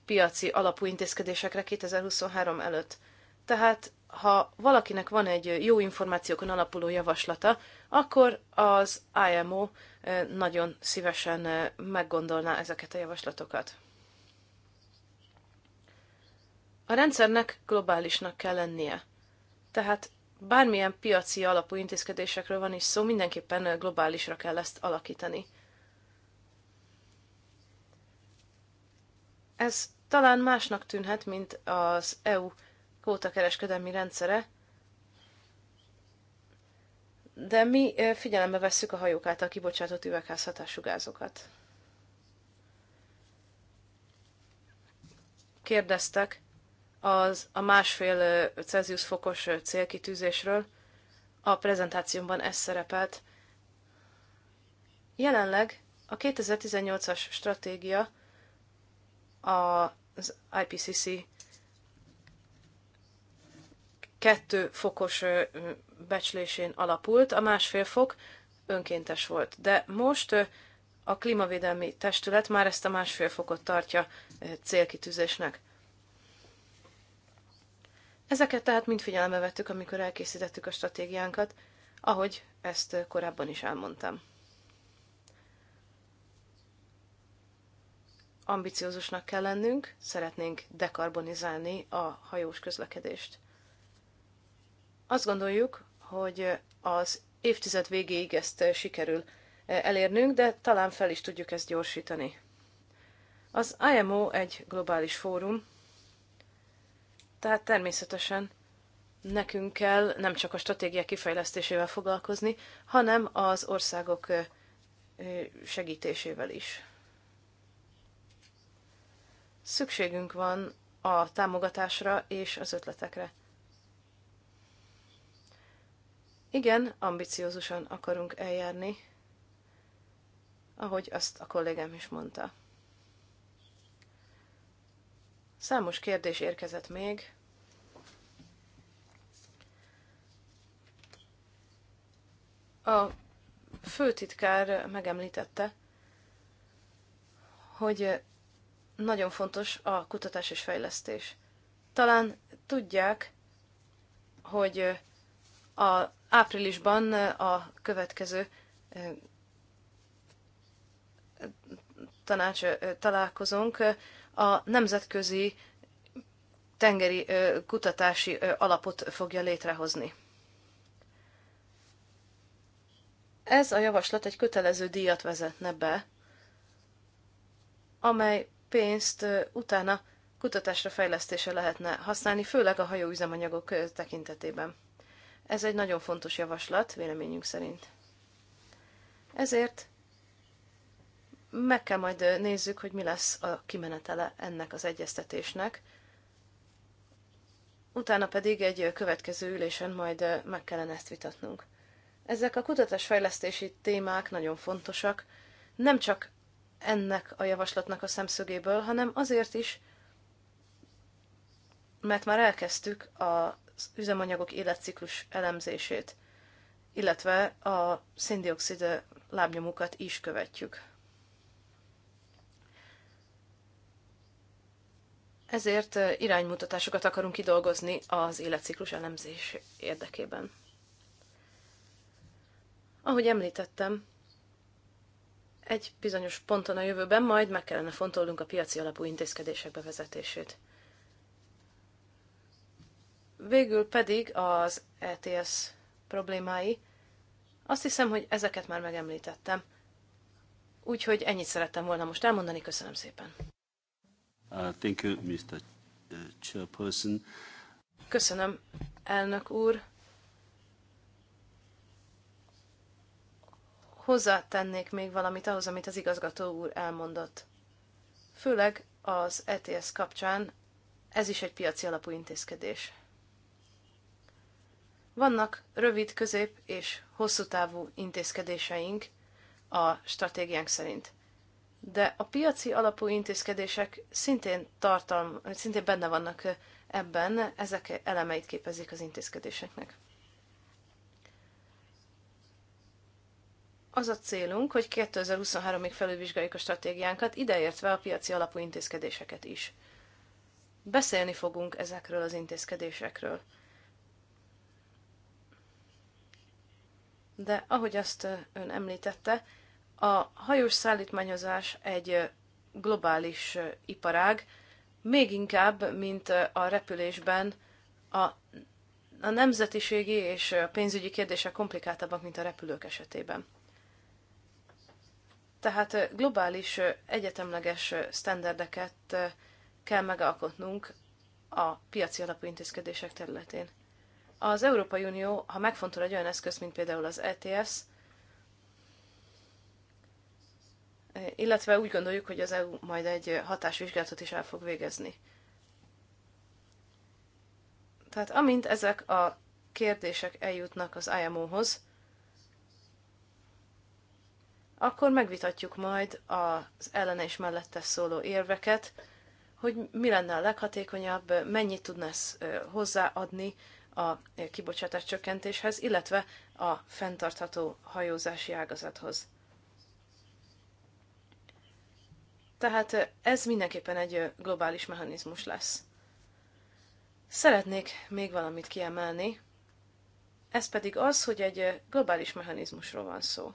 piaci alapú intézkedésekre 2023 előtt. Tehát ha valakinek van egy jó információkon alapuló javaslata, akkor az IMO eh, nagyon szívesen eh, meggondolná ezeket a javaslatokat. A rendszernek globálisnak kell lennie. Tehát bármilyen piaci alapú intézkedésekről van is szó, mindenképpen eh, globálisra kell ezt alakítani. Ez talán másnak tűnhet, mint az EU kvóta kereskedelmi rendszere, de mi figyelembe vesszük a hajók által kibocsátott üvegházhatású gázokat. Kérdeztek az a másfél Celsius fokos célkitűzésről. A prezentációmban ez szerepelt. Jelenleg a 2018-as stratégia az IPCC kettő fokos becslésén alapult, a másfél fok önkéntes volt. De most a klímavédelmi testület már ezt a másfél fokot tartja célkitűzésnek. Ezeket tehát mind figyelembe vettük, amikor elkészítettük a stratégiánkat, ahogy ezt korábban is elmondtam. Ambiciózusnak kell lennünk, szeretnénk dekarbonizálni a hajós közlekedést. Azt gondoljuk, hogy az évtized végéig ezt sikerül eh, elérnünk, de talán fel is tudjuk ezt gyorsítani. Az IMO egy globális fórum, tehát természetesen nekünk kell nem csak a stratégia kifejlesztésével foglalkozni, hanem az országok eh, eh, segítésével is. Szükségünk van a támogatásra és az ötletekre. Igen, ambiciózusan akarunk eljárni, ahogy azt a kollégám is mondta. Számos kérdés érkezett még. A főtitkár megemlítette, hogy nagyon fontos a kutatás és fejlesztés. Talán tudják, hogy a, áprilisban a következő tanács találkozónk a nemzetközi tengeri kutatási alapot fogja létrehozni. Ez a javaslat egy kötelező díjat vezetne be, amely pénzt utána kutatásra, fejlesztésre lehetne használni, főleg a hajóüzemanyagok tekintetében. Ez egy nagyon fontos javaslat, véleményünk szerint. Ezért meg kell majd nézzük, hogy mi lesz a kimenetele ennek az egyeztetésnek. Utána pedig egy következő ülésen majd meg kellene ezt vitatnunk. Ezek a kutatásfejlesztési témák nagyon fontosak, nem csak ennek a javaslatnak a szemszögéből, hanem azért is, mert már elkezdtük a üzemanyagok életciklus elemzését, illetve a szindioxid lábnyomukat is követjük. Ezért eh, iránymutatásokat akarunk kidolgozni az életciklus elemzés érdekében. Ahogy említettem, egy bizonyos ponton a jövőben majd meg kellene fontolnunk a piaci alapú intézkedések bevezetését. Végül pedig az ETS problémái. Azt hiszem, hogy ezeket már megemlítettem. Úgyhogy ennyit szerettem volna most elmondani. Köszönöm szépen. Uh, thank you, Mr. Uh, chairperson. Köszönöm, elnök úr. Hozzátennék még valamit ahhoz, amit az igazgató úr elmondott. Főleg az ETS kapcsán ez is egy piaci alapú intézkedés. Vannak rövid, közép és hosszú távú intézkedéseink a stratégiánk szerint. De a piaci alapú intézkedések szintén, tartalm, szintén benne vannak ebben, ezek elemeit képezik az intézkedéseknek. Az a célunk, hogy 2023-ig felülvizsgáljuk a stratégiánkat, ideértve a piaci alapú intézkedéseket is. Beszélni fogunk ezekről az intézkedésekről. de ahogy azt ön említette, a hajós szállítmányozás egy globális iparág, még inkább, mint a repülésben a, a nemzetiségi és a pénzügyi kérdések komplikáltabbak, mint a repülők esetében. Tehát globális, egyetemleges sztenderdeket kell megalkotnunk a piaci alapú intézkedések területén. Az Európai Unió, ha megfontol egy olyan eszköz, mint például az ETFs, illetve úgy gondoljuk, hogy az EU majd egy hatásvizsgálatot is el fog végezni. Tehát amint ezek a kérdések eljutnak az IMO-hoz, akkor megvitatjuk majd az ellene és mellette szóló érveket, hogy mi lenne a leghatékonyabb, mennyit tudna ez hozzáadni a kibocsátás csökkentéshez, illetve a fenntartható hajózási ágazathoz. Tehát ez mindenképpen egy globális mechanizmus lesz. Szeretnék még valamit kiemelni, ez pedig az, hogy egy globális mechanizmusról van szó.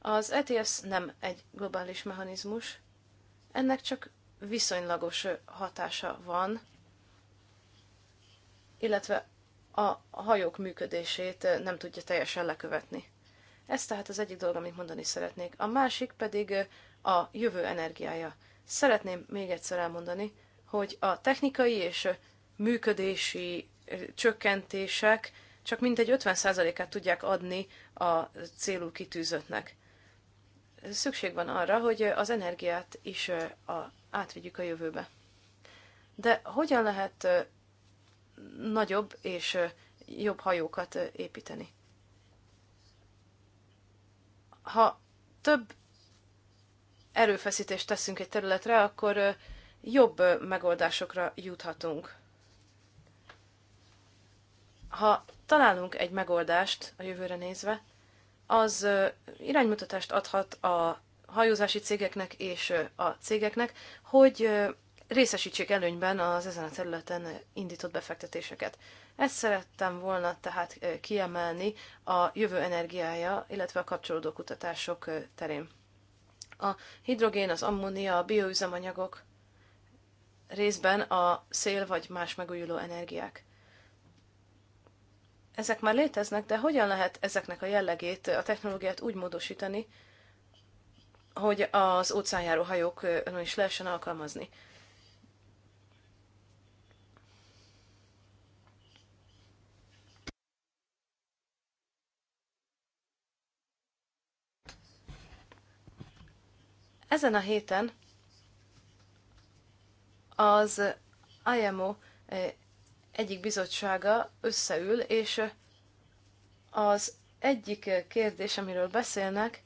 Az ETS nem egy globális mechanizmus, ennek csak viszonylagos hatása van illetve a hajók működését eh, nem tudja teljesen lekövetni. Ez tehát az egyik dolog, amit mondani szeretnék. A másik pedig eh, a jövő energiája. Szeretném még egyszer elmondani, hogy a technikai és eh, működési csökkentések csak mintegy 50%-át tudják adni a célú kitűzöttnek. Szükség van arra, hogy az energiát is a, átvigyük a jövőbe. De hogyan lehet nagyobb és jobb hajókat építeni. Ha több erőfeszítést teszünk egy területre, akkor jobb megoldásokra juthatunk. Ha találunk egy megoldást a jövőre nézve, az iránymutatást adhat a hajózási cégeknek és a cégeknek, hogy részesítsék előnyben az ezen a területen indított befektetéseket. Ezt szerettem volna tehát kiemelni a jövő energiája, illetve a kapcsolódó kutatások terén. A hidrogén, az ammónia, a bioüzemanyagok, részben a szél vagy más megújuló energiák. Ezek már léteznek, de hogyan lehet ezeknek a jellegét, a technológiát úgy módosítani, hogy az óceánjáró önön is lehessen alkalmazni? Ezen a héten az IMO eh, egyik bizottsága összeül, és eh, az egyik kérdés, amiről beszélnek,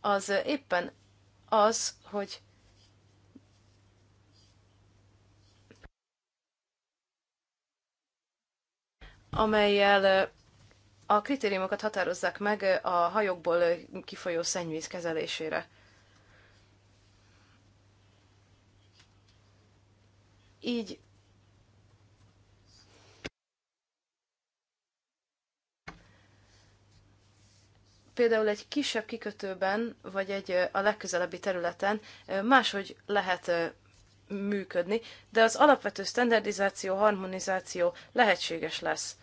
az éppen az, hogy amelyel eh, a kritériumokat határozzák meg a hajokból kifolyó szennyvíz kezelésére. Így például egy kisebb kikötőben, vagy egy a legközelebbi területen máshogy lehet működni, de az alapvető standardizáció, harmonizáció lehetséges lesz.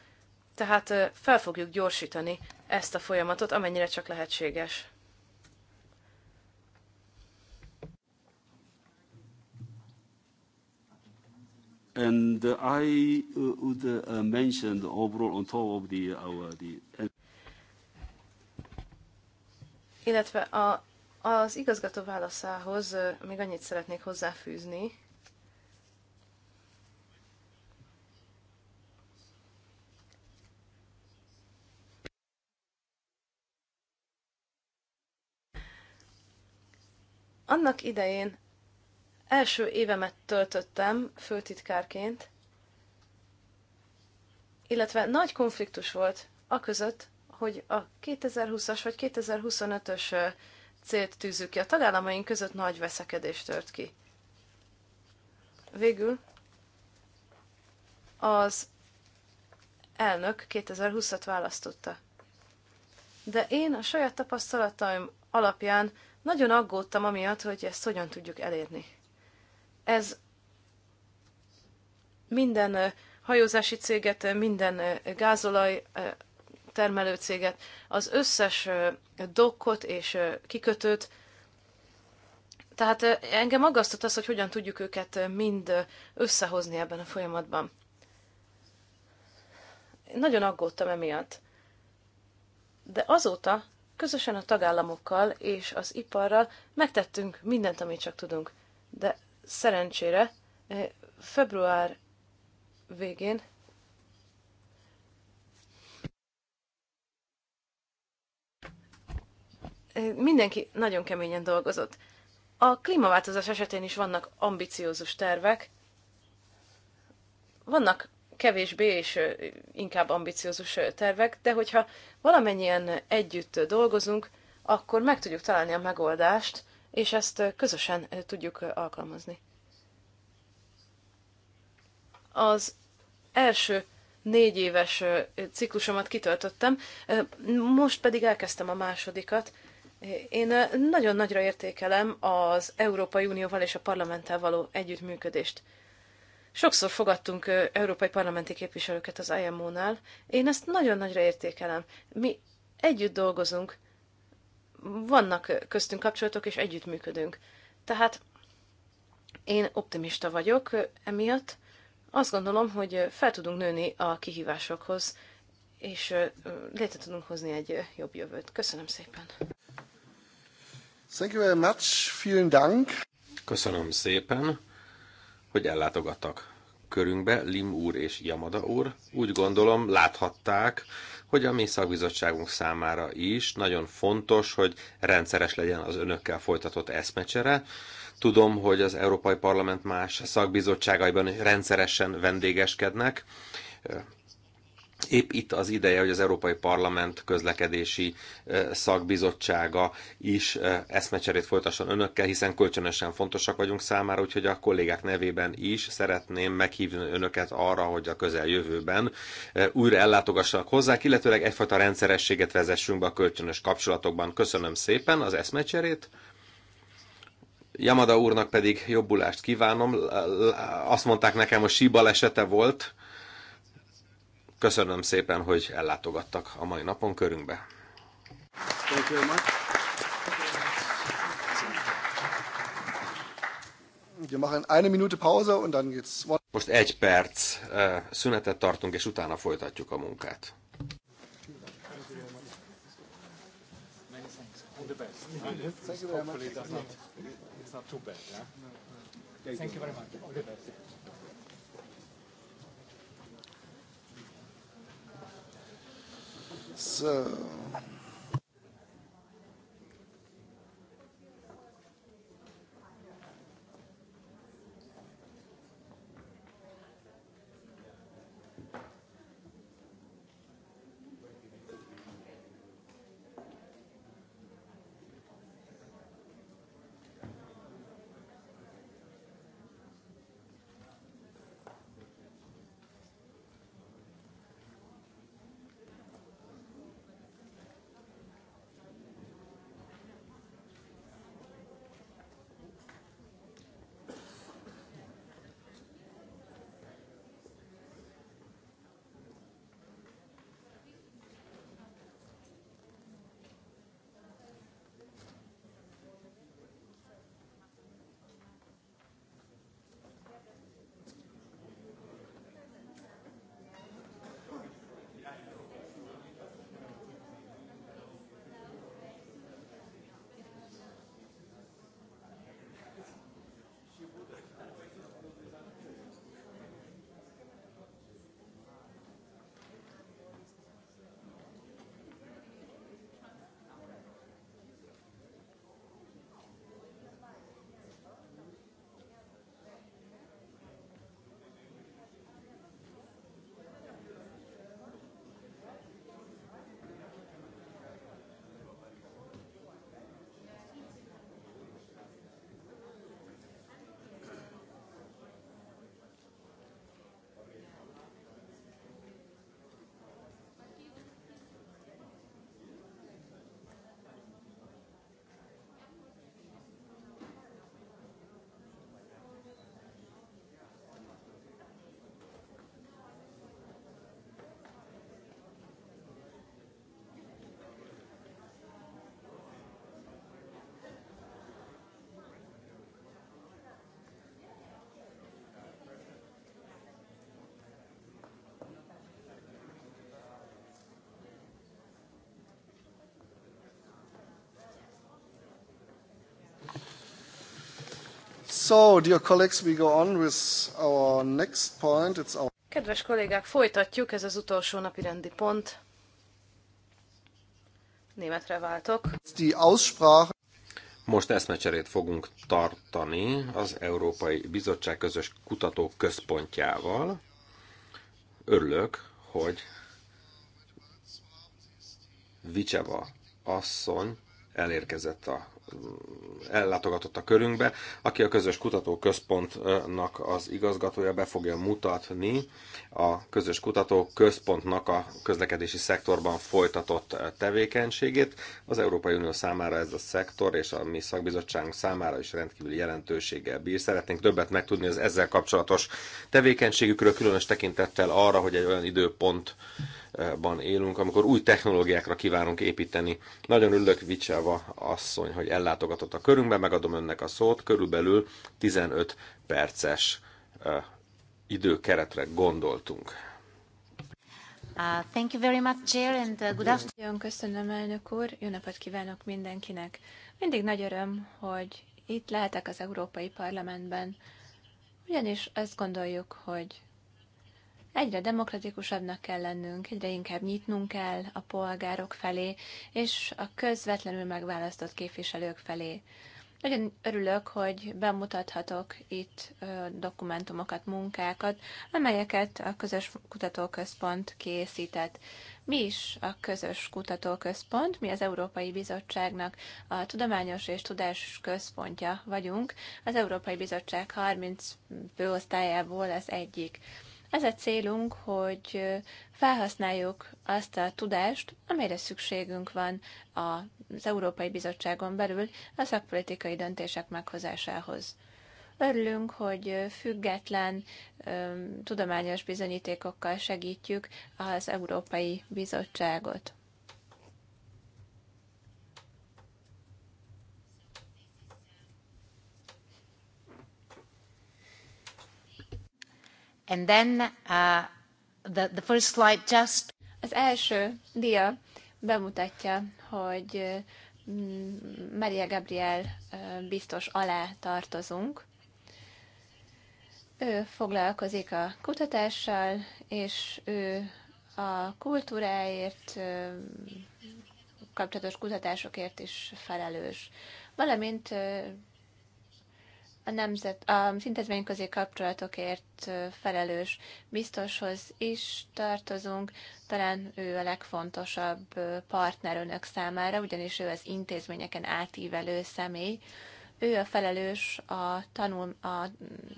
Tehát fel fogjuk gyorsítani ezt a folyamatot, amennyire csak lehetséges. And uh, I uh, would uh, mention overall on top of the our the. Illetve a, az igazgató válaszához uh, még annyit szeretnék hozzáfűzni, Annak idején Első évemet töltöttem főtitkárként, illetve nagy konfliktus volt a között, hogy a 2020-as vagy 2025-ös célt tűzzük ki. A tagállamaink között nagy veszekedés tört ki. Végül az elnök 2020-at választotta. De én a saját tapasztalataim alapján nagyon aggódtam amiatt, hogy ezt hogyan tudjuk elérni. Ez minden hajózási céget, minden gázolaj termelő céget, az összes dokkot és kikötőt. Tehát engem aggasztott az, hogy hogyan tudjuk őket mind összehozni ebben a folyamatban. Nagyon aggódtam emiatt. De azóta közösen a tagállamokkal és az iparral megtettünk mindent, amit csak tudunk. De szerencsére február végén mindenki nagyon keményen dolgozott. A klímaváltozás esetén is vannak ambiciózus tervek, vannak kevésbé és inkább ambiciózus tervek, de hogyha valamennyien együtt dolgozunk, akkor meg tudjuk találni a megoldást, és ezt közösen tudjuk alkalmazni. Az első négy éves ciklusomat kitöltöttem, most pedig elkezdtem a másodikat. Én nagyon nagyra értékelem az Európai Unióval és a parlamenttel való együttműködést. Sokszor fogadtunk európai parlamenti képviselőket az IMO-nál. Én ezt nagyon nagyra értékelem. Mi együtt dolgozunk, vannak köztünk kapcsolatok, és együttműködünk. Tehát én optimista vagyok emiatt. Azt gondolom, hogy fel tudunk nőni a kihívásokhoz, és létre tudunk hozni egy jobb jövőt. Köszönöm szépen! Thank you very much. Vielen Dank. Köszönöm szépen, hogy ellátogattak körünkbe, Lim úr és Yamada úr. Úgy gondolom, láthatták, hogy a mi szakbizottságunk számára is nagyon fontos, hogy rendszeres legyen az önökkel folytatott eszmecsere. Tudom, hogy az Európai Parlament más szakbizottságaiban rendszeresen vendégeskednek, épp itt az ideje, hogy az Európai Parlament közlekedési szakbizottsága is eszmecserét folytasson önökkel, hiszen kölcsönösen fontosak vagyunk számára, úgyhogy a kollégák nevében is szeretném meghívni önöket arra, hogy a közeljövőben újra ellátogassanak hozzá, illetőleg egyfajta rendszerességet vezessünk be a kölcsönös kapcsolatokban. Köszönöm szépen az eszmecserét. Yamada úrnak pedig jobbulást kívánom. Azt mondták nekem, hogy síbal esete volt, Köszönöm szépen, hogy ellátogattak a mai napon körünkbe. Thank you much. Wir machen eine Minute Pause und dann geht's. Most egy perc szünetet tartunk, és utána folytatjuk a munkát. Thank you very much. All the best. it's Yeah? Thank you very much. All the best. So. So, dear colleagues, we go on with our next point. It's our... Kedves kollégák, folytatjuk, ez az utolsó napi rendi pont. Németre váltok. Die Aussprache. Most eszmecserét fogunk tartani az Európai Bizottság közös kutató központjával. Örülök, hogy Vicseva asszony elérkezett a ellátogatott a körünkbe, aki a közös kutatóközpontnak az igazgatója be fogja mutatni a közös kutatóközpontnak a közlekedési szektorban folytatott tevékenységét. Az Európai Unió számára ez a szektor és a mi szakbizottságunk számára is rendkívül jelentőséggel bír. Szeretnénk többet megtudni az ezzel kapcsolatos tevékenységükről, különös tekintettel arra, hogy egy olyan időpont ban élünk, amikor új technológiákra kívánunk építeni. Nagyon ülök Vicseva asszony, hogy ellátogatott a körünkbe, megadom önnek a szót, körülbelül 15 perces időkeretre gondoltunk. Uh, thank you very much, Chair, and uh, good afternoon. Köszönöm, elnök úr. Jó napot kívánok mindenkinek. Mindig nagy öröm, hogy itt lehetek az Európai Parlamentben, ugyanis azt gondoljuk, hogy Egyre demokratikusabbnak kell lennünk, egyre inkább nyitnunk kell a polgárok felé, és a közvetlenül megválasztott képviselők felé. Nagyon örülök, hogy bemutathatok itt dokumentumokat, munkákat, amelyeket a Közös Kutatóközpont készített. Mi is a Közös Kutatóközpont, mi az Európai Bizottságnak a Tudományos és Tudás Központja vagyunk. Az Európai Bizottság 30 főosztályából az egyik. Ez a célunk, hogy felhasználjuk azt a tudást, amelyre szükségünk van az Európai Bizottságon belül a szakpolitikai döntések meghozásához. Örülünk, hogy független tudományos bizonyítékokkal segítjük az Európai Bizottságot. And then uh, the, the first slide just... Az első dia bemutatja, hogy mm, Maria Gabriel biztos alá tartozunk. Ő foglalkozik a kutatással, és ő a kultúráért, kapcsolatos kutatásokért is felelős, valamint a, nemzet, a közé kapcsolatokért felelős biztoshoz is tartozunk. Talán ő a legfontosabb partner önök számára, ugyanis ő az intézményeken átívelő személy. Ő a felelős a, tanul, a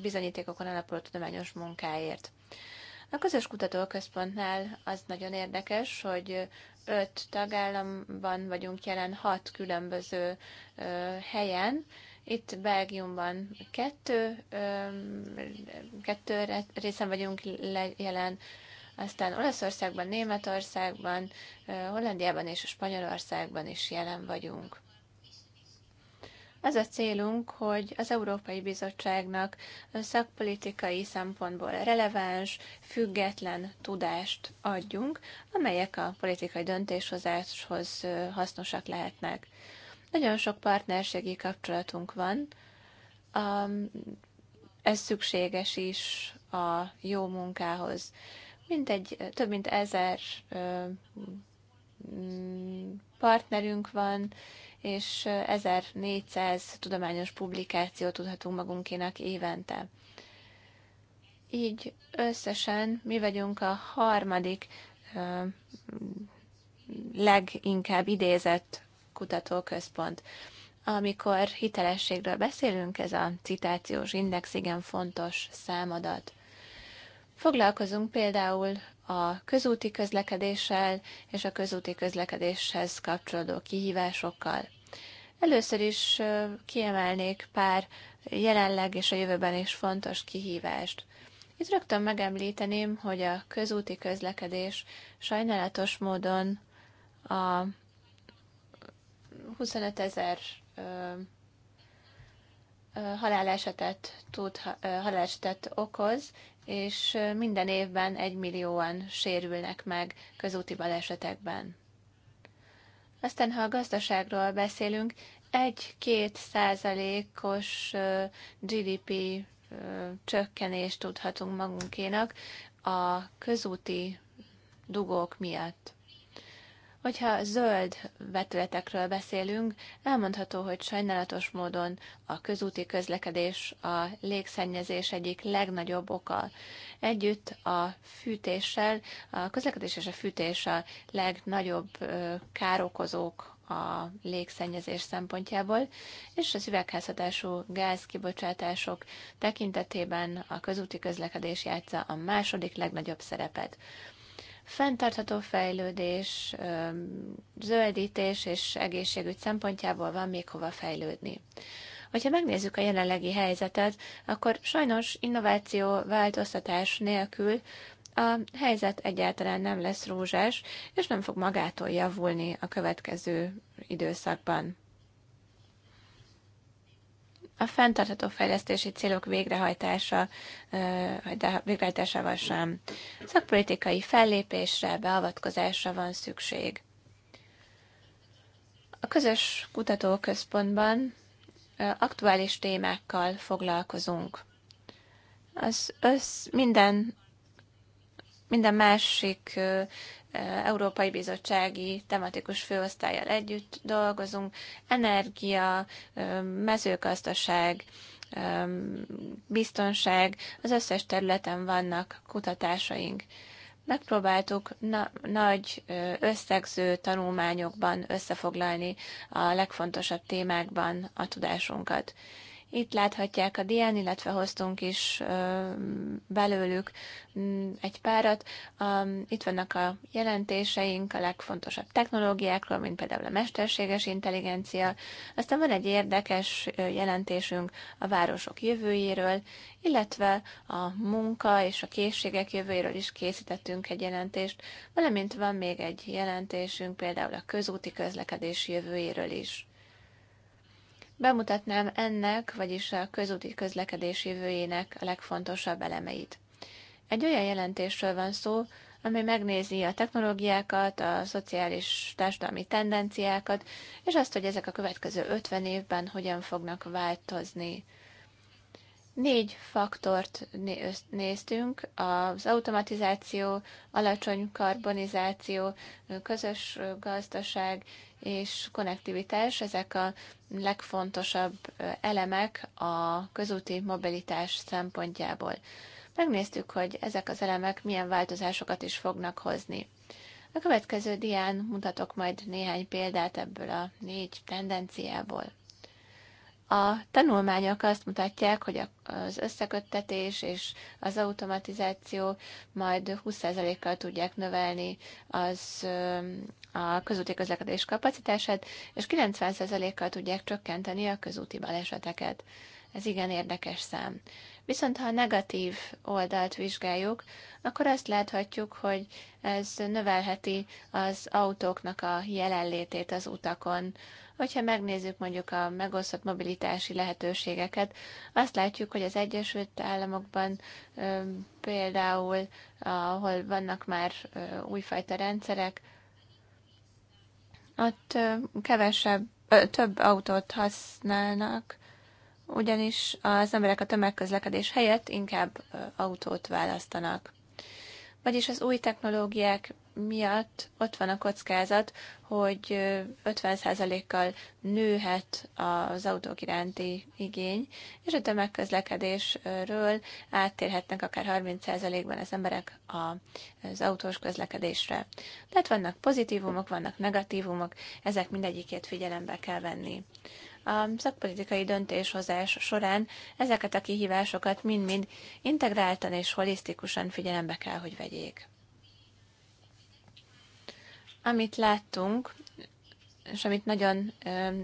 bizonyítékokon alapuló tudományos munkáért. A közös kutatóközpontnál az nagyon érdekes, hogy öt tagállamban vagyunk jelen, hat különböző helyen, itt Belgiumban kettő, kettő részen vagyunk jelen, aztán Olaszországban, Németországban, Hollandiában és Spanyolországban is jelen vagyunk. Az a célunk, hogy az Európai Bizottságnak szakpolitikai szempontból releváns, független tudást adjunk, amelyek a politikai döntéshozáshoz hasznosak lehetnek. Nagyon sok partnerségi kapcsolatunk van. ez szükséges is a jó munkához. Mint egy több mint ezer mm, partnerünk van, és 1400 tudományos publikációt tudhatunk magunkénak évente. Így összesen mi vagyunk a harmadik mm, leginkább idézett kutatóközpont. Amikor hitelességről beszélünk, ez a citációs index igen fontos számadat. Foglalkozunk például a közúti közlekedéssel és a közúti közlekedéshez kapcsolódó kihívásokkal. Először is kiemelnék pár jelenleg és a jövőben is fontos kihívást. Itt rögtön megemlíteném, hogy a közúti közlekedés sajnálatos módon a 25 ezer halálesetet, tud, halálesetet okoz, és minden évben egy millióan sérülnek meg közúti balesetekben. Aztán, ha a gazdaságról beszélünk, Egy-két százalékos GDP csökkenést tudhatunk magunkénak a közúti dugók miatt. Hogyha zöld vetületekről beszélünk, elmondható, hogy sajnálatos módon a közúti közlekedés a légszennyezés egyik legnagyobb oka. Együtt a fűtéssel, a közlekedés és a fűtés a legnagyobb károkozók a légszennyezés szempontjából, és az üvegházhatású gázkibocsátások tekintetében a közúti közlekedés játsza a második legnagyobb szerepet. Fenntartható fejlődés, zöldítés és egészségügy szempontjából van még hova fejlődni. Hogyha megnézzük a jelenlegi helyzetet, akkor sajnos innováció, változtatás nélkül a helyzet egyáltalán nem lesz rózsás, és nem fog magától javulni a következő időszakban a fenntartható fejlesztési célok végrehajtása, végrehajtásával sem. Szakpolitikai fellépésre, beavatkozásra van szükség. A közös kutatóközpontban aktuális témákkal foglalkozunk. Az össz, minden, minden másik Európai Bizottsági tematikus főosztályjal együtt dolgozunk, energia, mezőgazdaság, biztonság, az összes területen vannak kutatásaink. Megpróbáltuk na- nagy összegző tanulmányokban összefoglalni a legfontosabb témákban a tudásunkat. Itt láthatják a dián, illetve hoztunk is belőlük mm, egy párat. Itt vannak a jelentéseink a legfontosabb technológiákról, mint például a mesterséges intelligencia. Aztán van egy érdekes jelentésünk a városok jövőjéről, illetve a munka és a készségek jövőjéről is készítettünk egy jelentést, valamint van még egy jelentésünk például a közúti közlekedés jövőjéről is bemutatnám ennek, vagyis a közúti közlekedés jövőjének a legfontosabb elemeit. Egy olyan jelentésről van szó, ami megnézi a technológiákat, a szociális társadalmi tendenciákat, és azt, hogy ezek a következő 50 évben hogyan fognak változni. Négy faktort néztünk, az automatizáció, alacsony karbonizáció, közös gazdaság és konnektivitás, ezek a legfontosabb elemek a közúti mobilitás szempontjából. Megnéztük, hogy ezek az elemek milyen változásokat is fognak hozni. A következő dián mutatok majd néhány példát ebből a négy tendenciából. A tanulmányok azt mutatják, hogy az összeköttetés és az automatizáció majd 20%-kal tudják növelni az, a közúti közlekedés kapacitását, és 90%-kal tudják csökkenteni a közúti baleseteket. Ez igen érdekes szám. Viszont ha a negatív oldalt vizsgáljuk, akkor azt láthatjuk, hogy ez növelheti az autóknak a jelenlétét az utakon, Hogyha megnézzük mondjuk a megosztott mobilitási lehetőségeket, azt látjuk, hogy az Egyesült Államokban például, ahol vannak már újfajta rendszerek, ott kevesebb, több autót használnak, ugyanis az emberek a tömegközlekedés helyett inkább autót választanak. Vagyis az új technológiák miatt ott van a kockázat, hogy 50%-kal nőhet az autók iránti igény, és a tömegközlekedésről áttérhetnek akár 30%-ban az emberek az autós közlekedésre. Tehát vannak pozitívumok, vannak negatívumok, ezek mindegyikét figyelembe kell venni. A szakpolitikai döntéshozás során ezeket a kihívásokat mind-mind integráltan és holisztikusan figyelembe kell, hogy vegyék. Amit láttunk, és amit nagyon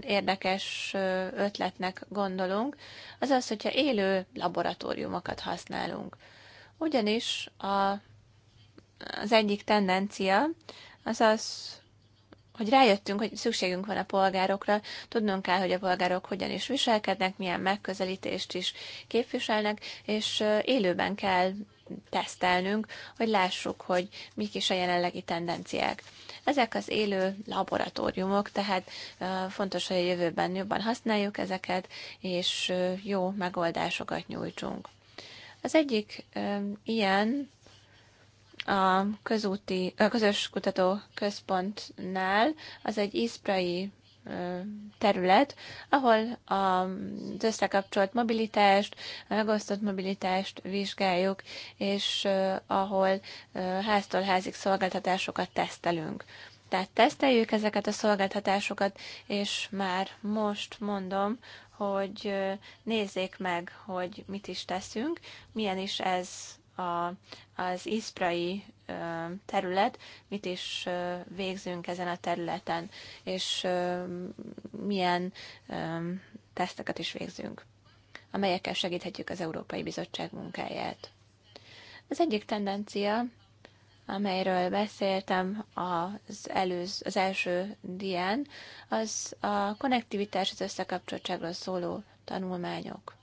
érdekes ötletnek gondolunk, az az, hogyha élő laboratóriumokat használunk. Ugyanis a, az egyik tendencia az az, hogy rájöttünk, hogy szükségünk van a polgárokra, tudnunk kell, hogy a polgárok hogyan is viselkednek, milyen megközelítést is képviselnek, és élőben kell tesztelnünk, hogy lássuk, hogy mik is a jelenlegi tendenciák. Ezek az élő laboratóriumok, tehát fontos, hogy a jövőben jobban használjuk ezeket, és jó megoldásokat nyújtsunk. Az egyik ilyen a közúti, a közös kutató központnál az egy iszprai terület, ahol az összekapcsolt mobilitást, a megosztott mobilitást vizsgáljuk, és ahol háztól házig szolgáltatásokat tesztelünk. Tehát teszteljük ezeket a szolgáltatásokat, és már most mondom, hogy nézzék meg, hogy mit is teszünk, milyen is ez a, az iszprai terület, mit is végzünk ezen a területen, és milyen teszteket is végzünk, amelyekkel segíthetjük az Európai Bizottság munkáját. Az egyik tendencia, amelyről beszéltem az, előz, az első dián, az a konnektivitás, az összekapcsoltságról szóló tanulmányok.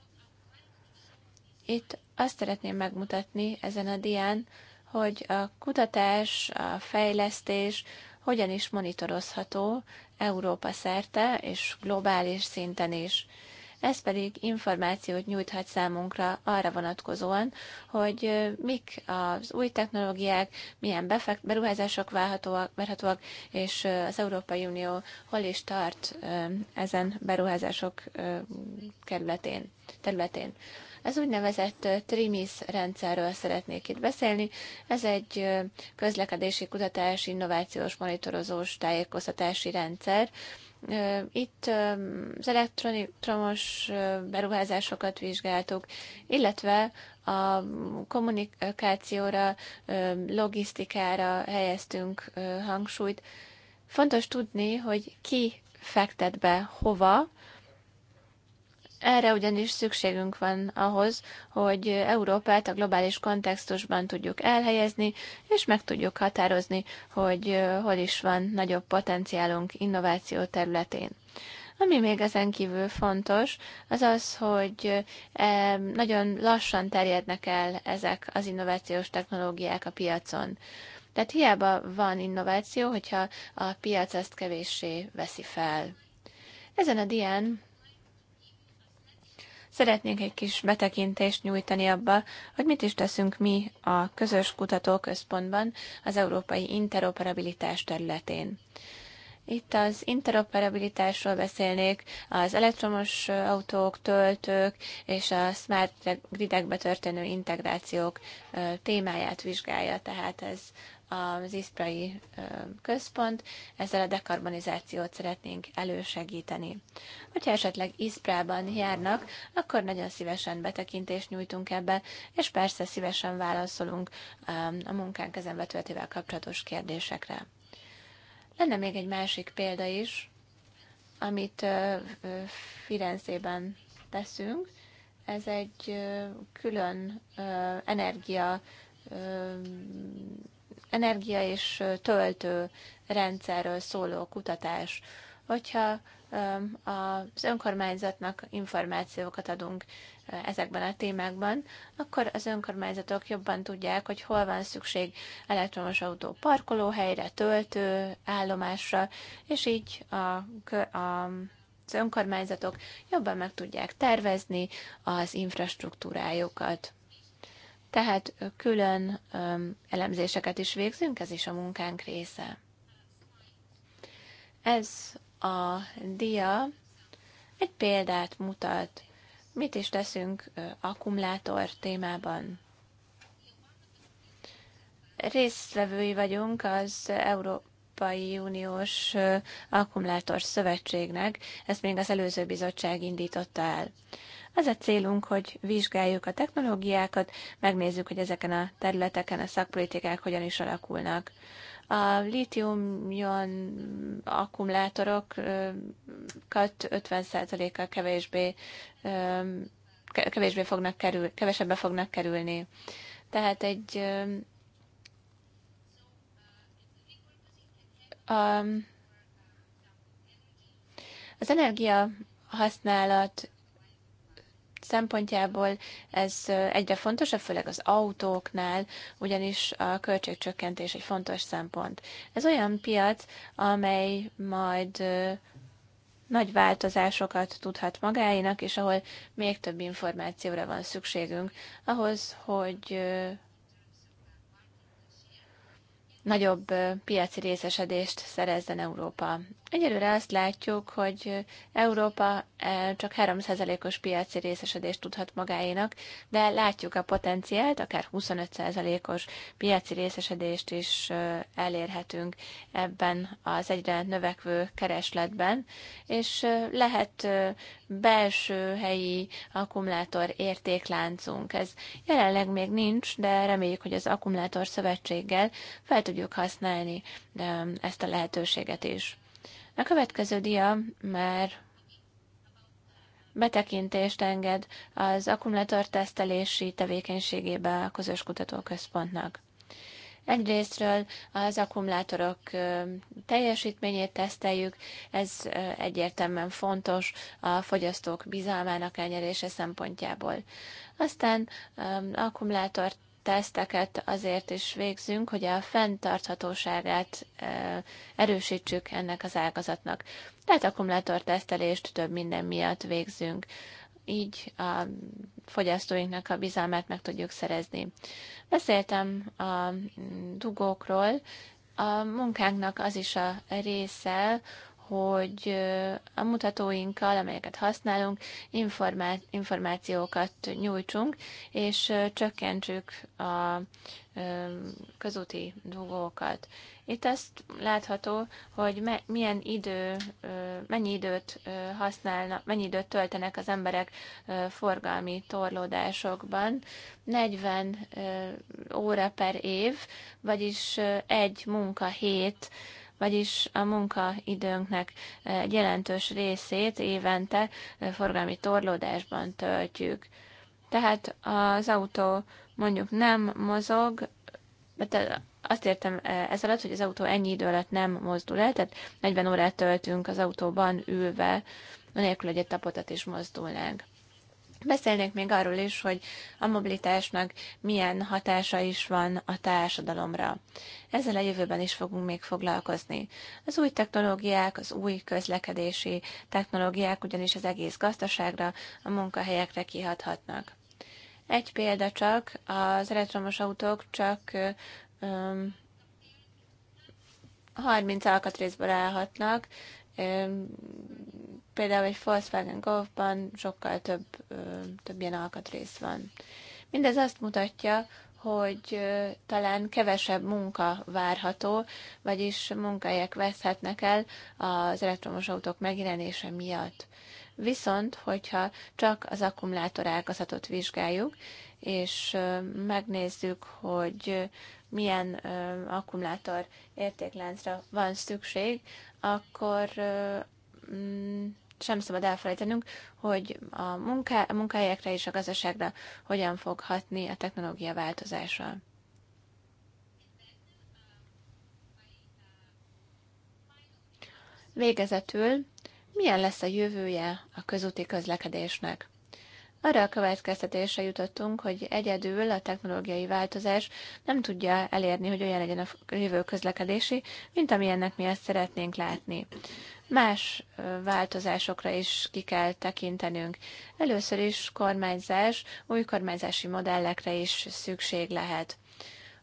Itt azt szeretném megmutatni ezen a dián, hogy a kutatás, a fejlesztés hogyan is monitorozható Európa szerte és globális szinten is. Ez pedig információt nyújthat számunkra arra vonatkozóan, hogy mik az új technológiák, milyen befekt, beruházások várhatóak, várhatóak, és az Európai Unió hol is tart ezen beruházások kerületén, területén. Az úgynevezett TRIMIS rendszerről szeretnék itt beszélni. Ez egy közlekedési, kutatási, innovációs, monitorozós, tájékoztatási rendszer, itt az elektromos beruházásokat vizsgáltuk, illetve a kommunikációra, logisztikára helyeztünk hangsúlyt. Fontos tudni, hogy ki fektet be hova, erre ugyanis szükségünk van ahhoz, hogy Európát a globális kontextusban tudjuk elhelyezni, és meg tudjuk határozni, hogy hol is van nagyobb potenciálunk innováció területén. Ami még ezen kívül fontos, az az, hogy nagyon lassan terjednek el ezek az innovációs technológiák a piacon. Tehát hiába van innováció, hogyha a piac ezt kevéssé veszi fel. Ezen a dián Szeretnénk egy kis betekintést nyújtani abba, hogy mit is teszünk mi a közös kutatóközpontban az európai interoperabilitás területén. Itt az interoperabilitásról beszélnék, az elektromos autók, töltők és a smart gridekbe történő integrációk témáját vizsgálja tehát ez az Iszprai központ, ezzel a dekarbonizációt szeretnénk elősegíteni. Hogyha esetleg Iszprában járnak, akkor nagyon szívesen betekintést nyújtunk ebbe, és persze szívesen válaszolunk a munkánk ezen betöltével kapcsolatos kérdésekre. Lenne még egy másik példa is, amit Firenzében teszünk. Ez egy külön energia energia és töltő rendszerről szóló kutatás. Hogyha az önkormányzatnak információkat adunk ezekben a témákban, akkor az önkormányzatok jobban tudják, hogy hol van szükség elektromos autó parkolóhelyre, töltő állomásra, és így a, a az önkormányzatok jobban meg tudják tervezni az infrastruktúrájukat. Tehát külön elemzéseket is végzünk, ez is a munkánk része. Ez a dia egy példát mutat, mit is teszünk akkumulátor témában. Résztvevői vagyunk az Európai Uniós Akkumulátor Szövetségnek, ezt még az előző bizottság indította el. Az a célunk, hogy vizsgáljuk a technológiákat, megnézzük, hogy ezeken a területeken a szakpolitikák hogyan is alakulnak. A litium-ion akkumulátorokat 50%-kal kevésbé, kevésbé fognak kerül, kevesebbe fognak kerülni. Tehát egy a, az energia használat szempontjából ez egyre fontosabb, főleg az autóknál, ugyanis a költségcsökkentés egy fontos szempont. Ez olyan piac, amely majd nagy változásokat tudhat magáinak, és ahol még több információra van szükségünk ahhoz, hogy nagyobb piaci részesedést szerezzen Európa. Egyelőre azt látjuk, hogy Európa csak 3%-os piaci részesedést tudhat magáénak, de látjuk a potenciált, akár 25%-os piaci részesedést is elérhetünk ebben az egyre növekvő keresletben, és lehet belső helyi akkumulátor értékláncunk. Ez jelenleg még nincs, de reméljük, hogy az akkumulátor szövetséggel fel tudjuk használni um, ezt a lehetőséget is. A következő dia már betekintést enged az akkumulátor tesztelési tevékenységébe a közös kutatóközpontnak. Egyrésztről az akkumulátorok teljesítményét teszteljük, ez egyértelműen fontos a fogyasztók bizalmának elnyerése szempontjából. Aztán akkumulátor teszteket azért is végzünk, hogy a fenntarthatóságát erősítsük ennek az ágazatnak. Tehát akkumulátortesztelést több minden miatt végzünk. Így a fogyasztóinknak a bizalmát meg tudjuk szerezni. Beszéltem a dugókról, a munkánknak az is a része, hogy a mutatóinkkal, amelyeket használunk, információkat nyújtsunk, és csökkentsük a közúti dugókat. Itt azt látható, hogy milyen idő, mennyi időt használnak, mennyi időt töltenek az emberek forgalmi torlódásokban. 40 óra per év, vagyis egy munkahét hét vagyis a munkaidőnknek egy jelentős részét évente forgalmi torlódásban töltjük. Tehát az autó mondjuk nem mozog, azt értem e, ez alatt, hogy az autó ennyi idő alatt nem mozdul el, tehát 40 órát töltünk az autóban ülve, anélkül, egy tapotat is mozdulnánk. Beszélnék még arról is, hogy a mobilitásnak milyen hatása is van a társadalomra. Ezzel a jövőben is fogunk még foglalkozni. Az új technológiák, az új közlekedési technológiák ugyanis az egész gazdaságra, a munkahelyekre kihathatnak. Egy példa csak, az elektromos autók csak um, 30 alkatrészből állhatnak, Például egy Volkswagen Golfban sokkal több, több ilyen alkatrész van. Mindez azt mutatja, hogy talán kevesebb munka várható, vagyis munkahelyek veszhetnek el az elektromos autók megjelenése miatt. Viszont, hogyha csak az akkumulátor ágazatot vizsgáljuk, és megnézzük, hogy milyen akkumulátor értékláncra van szükség, akkor mm, sem szabad elfelejtenünk, hogy a, munká, a munkahelyekre és a gazdaságra hogyan fog hatni a technológia változással. Végezetül, milyen lesz a jövője a közúti közlekedésnek? Arra a következtetése jutottunk, hogy egyedül a technológiai változás nem tudja elérni, hogy olyan legyen a jövő közlekedési, mint amilyennek mi ezt szeretnénk látni. Más változásokra is ki kell tekintenünk. Először is kormányzás, új kormányzási modellekre is szükség lehet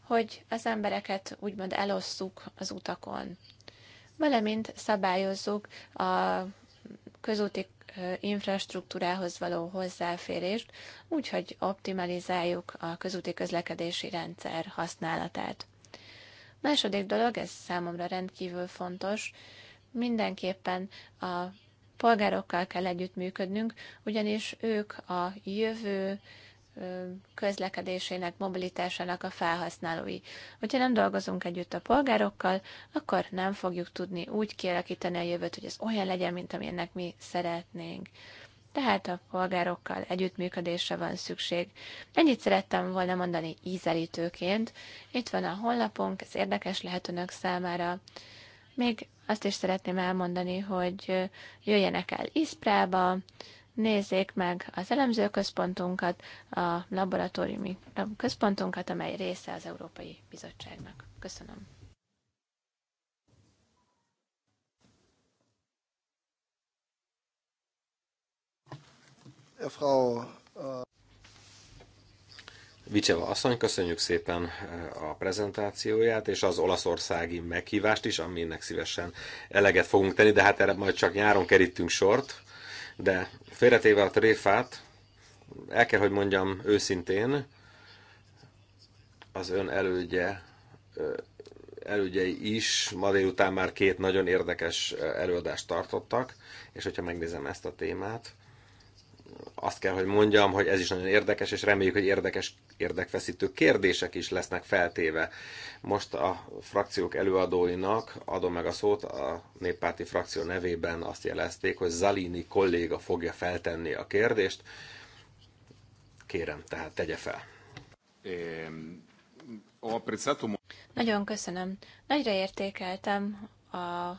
hogy az embereket úgymond elosszuk az utakon, valamint szabályozzuk a közúti infrastruktúrához való hozzáférést, úgyhogy optimalizáljuk a közúti közlekedési rendszer használatát. Második dolog, ez számomra rendkívül fontos, mindenképpen a polgárokkal kell együttműködnünk, ugyanis ők a jövő közlekedésének, mobilitásának a felhasználói. Hogyha nem dolgozunk együtt a polgárokkal, akkor nem fogjuk tudni úgy kialakítani a jövőt, hogy ez olyan legyen, mint amilyennek mi szeretnénk. Tehát a polgárokkal együttműködésre van szükség. Ennyit szerettem volna mondani ízelítőként. Itt van a honlapunk, ez érdekes lehet önök számára. Még azt is szeretném elmondani, hogy jöjjenek el Iszprába, nézzék meg az elemzőközpontunkat, a laboratóriumi központunkat, amely része az Európai Bizottságnak. Köszönöm. Frau uh, asszony, köszönjük szépen uh, a prezentációját, és az olaszországi meghívást is, aminek szívesen eleget fogunk tenni, de hát erre majd csak nyáron kerítünk sort. De félretéve a tréfát, el kell, hogy mondjam őszintén, az ön elődje, elődjei is ma délután már két nagyon érdekes előadást tartottak, és hogyha megnézem ezt a témát, azt kell, hogy mondjam, hogy ez is nagyon érdekes, és reméljük, hogy érdekes érdekfeszítő kérdések is lesznek feltéve. Most a frakciók előadóinak adom meg a szót, a néppárti frakció nevében azt jelezték, hogy Zalini kolléga fogja feltenni a kérdést. Kérem, tehát tegye fel. Nagyon köszönöm. Nagyra értékeltem a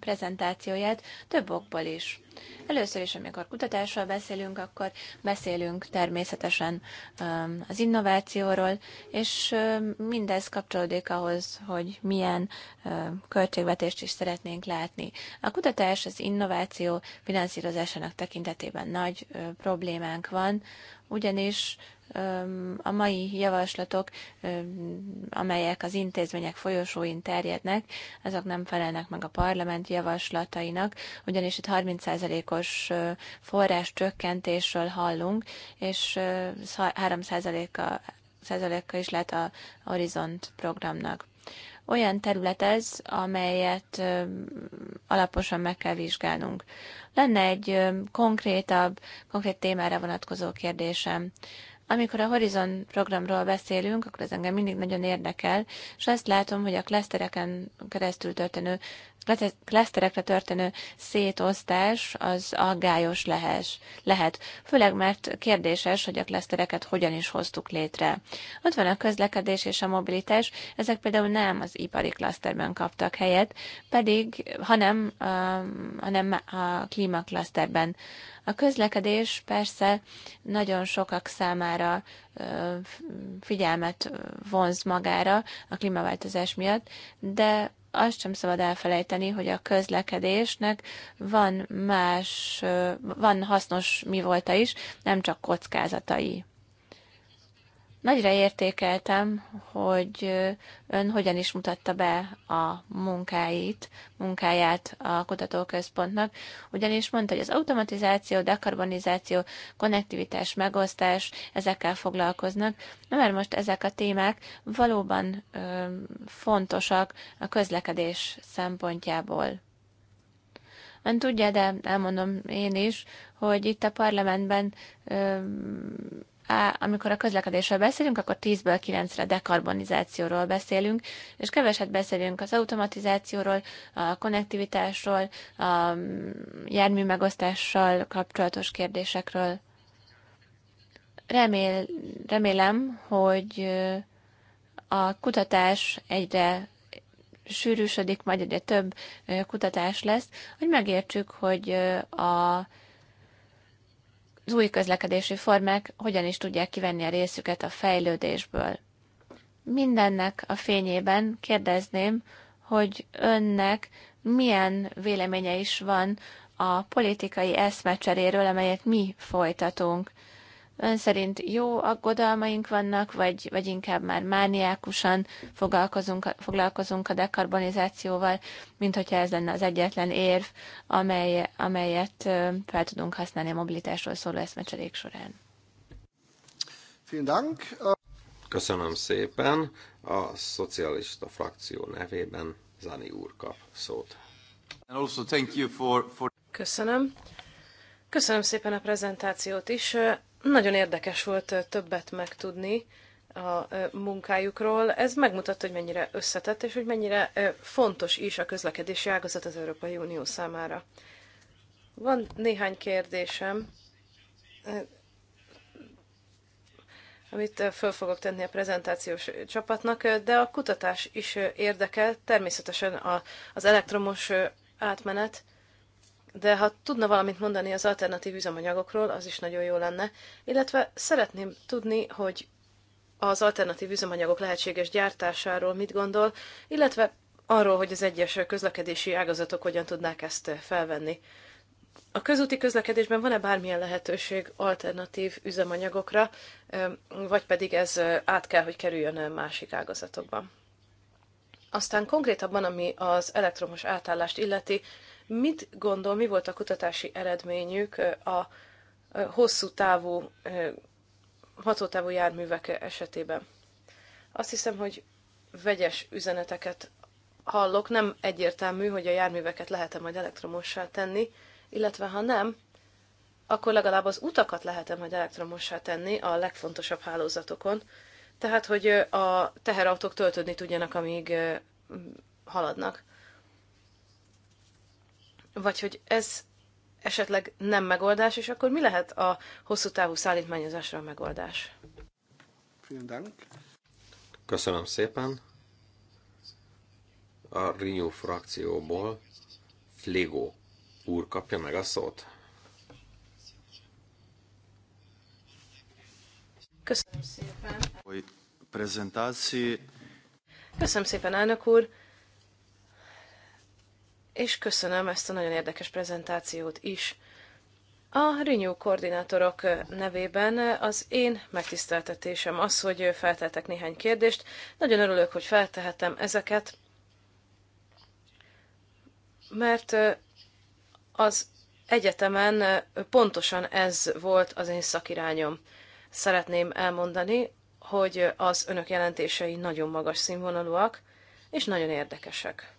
prezentációját több okból is. Először is, amikor kutatásról beszélünk, akkor beszélünk természetesen um, az innovációról, és um, mindez kapcsolódik ahhoz, hogy milyen um, költségvetést is szeretnénk látni. A kutatás, az innováció finanszírozásának tekintetében nagy problémánk van, ugyanis a mai javaslatok, amelyek az intézmények folyosóin terjednek, azok nem felelnek meg a parlament javaslatainak, ugyanis itt 3%-os forrás csökkentésről hallunk, és 3%-a százaléka is lett a Horizont programnak. Olyan terület ez, amelyet alaposan meg kell vizsgálnunk. Lenne egy konkrétabb, konkrét témára vonatkozó kérdésem. Amikor a Horizon programról beszélünk, akkor ez engem mindig nagyon érdekel, és azt látom, hogy a klasztereken keresztül történő, klaszterekre történő szétosztás az aggályos lehes, lehet. Főleg, mert kérdéses, hogy a klasztereket hogyan is hoztuk létre. Ott van a közlekedés és a mobilitás, ezek például nem az ipari klaszterben kaptak helyet, pedig, hanem, um, hanem a klímaklaszterben. A közlekedés persze nagyon sokak számára figyelmet vonz magára a klímaváltozás miatt, de azt sem szabad elfelejteni, hogy a közlekedésnek van más, van hasznos mi volta is, nem csak kockázatai. Nagyra értékeltem, hogy ön hogyan is mutatta be a munkáit, munkáját a kutatóközpontnak, ugyanis mondta, hogy az automatizáció, dekarbonizáció, konnektivitás, megosztás, ezekkel foglalkoznak, na mert most ezek a témák valóban ö, fontosak a közlekedés szempontjából. Ön tudja, de elmondom én is, hogy itt a parlamentben ö, amikor a közlekedésről beszélünk, akkor 10-ből 9-re dekarbonizációról beszélünk, és keveset beszélünk az automatizációról, a konnektivitásról, a mm, jármű megosztással kapcsolatos kérdésekről. Remél, remélem, hogy a kutatás egyre sűrűsödik, majd egyre több kutatás lesz, hogy megértsük, hogy a az új közlekedési formák hogyan is tudják kivenni a részüket a fejlődésből. Mindennek a fényében kérdezném, hogy önnek milyen véleménye is van a politikai eszmecseréről, amelyet mi folytatunk. Ön szerint jó aggodalmaink vannak, vagy, vagy inkább már mániákusan foglalkozunk, foglalkozunk a dekarbonizációval, mint hogyha ez lenne az egyetlen érv, amely, amelyet fel tudunk használni a mobilitásról szóló eszmecserék során. Köszönöm szépen. A szocialista frakció nevében Zani úr kap szót. And also thank you for, for... Köszönöm. Köszönöm szépen a prezentációt is. Nagyon érdekes volt többet megtudni a munkájukról. Ez megmutatta, hogy mennyire összetett, és hogy mennyire fontos is a közlekedési ágazat az Európai Unió számára. Van néhány kérdésem, amit föl fogok tenni a prezentációs csapatnak, de a kutatás is érdekel, természetesen az elektromos átmenet de ha tudna valamit mondani az alternatív üzemanyagokról, az is nagyon jó lenne, illetve szeretném tudni, hogy az alternatív üzemanyagok lehetséges gyártásáról mit gondol, illetve arról, hogy az egyes közlekedési ágazatok hogyan tudnák ezt felvenni. A közúti közlekedésben van-e bármilyen lehetőség alternatív üzemanyagokra, vagy pedig ez át kell, hogy kerüljön másik ágazatokban? Aztán konkrétabban, ami az elektromos átállást illeti, Mit gondol, mi volt a kutatási eredményük a hosszú távú, hatótávú járművek esetében? Azt hiszem, hogy vegyes üzeneteket hallok, nem egyértelmű, hogy a járműveket lehet-e majd elektromossá tenni, illetve ha nem, akkor legalább az utakat lehet-e majd elektromossá tenni a legfontosabb hálózatokon, tehát hogy a teherautók töltődni tudjanak, amíg haladnak. Vagy hogy ez esetleg nem megoldás, és akkor mi lehet a hosszú távú szállítmányozásra a megoldás? Köszönöm szépen. A Renew frakcióból Flego úr kapja meg a szót. Köszönöm szépen. Prezentáció. Köszönöm szépen, elnök úr és köszönöm ezt a nagyon érdekes prezentációt is. A Renew koordinátorok nevében az én megtiszteltetésem az, hogy felteltek néhány kérdést. Nagyon örülök, hogy feltehetem ezeket, mert az egyetemen pontosan ez volt az én szakirányom. Szeretném elmondani, hogy az önök jelentései nagyon magas színvonalúak, és nagyon érdekesek.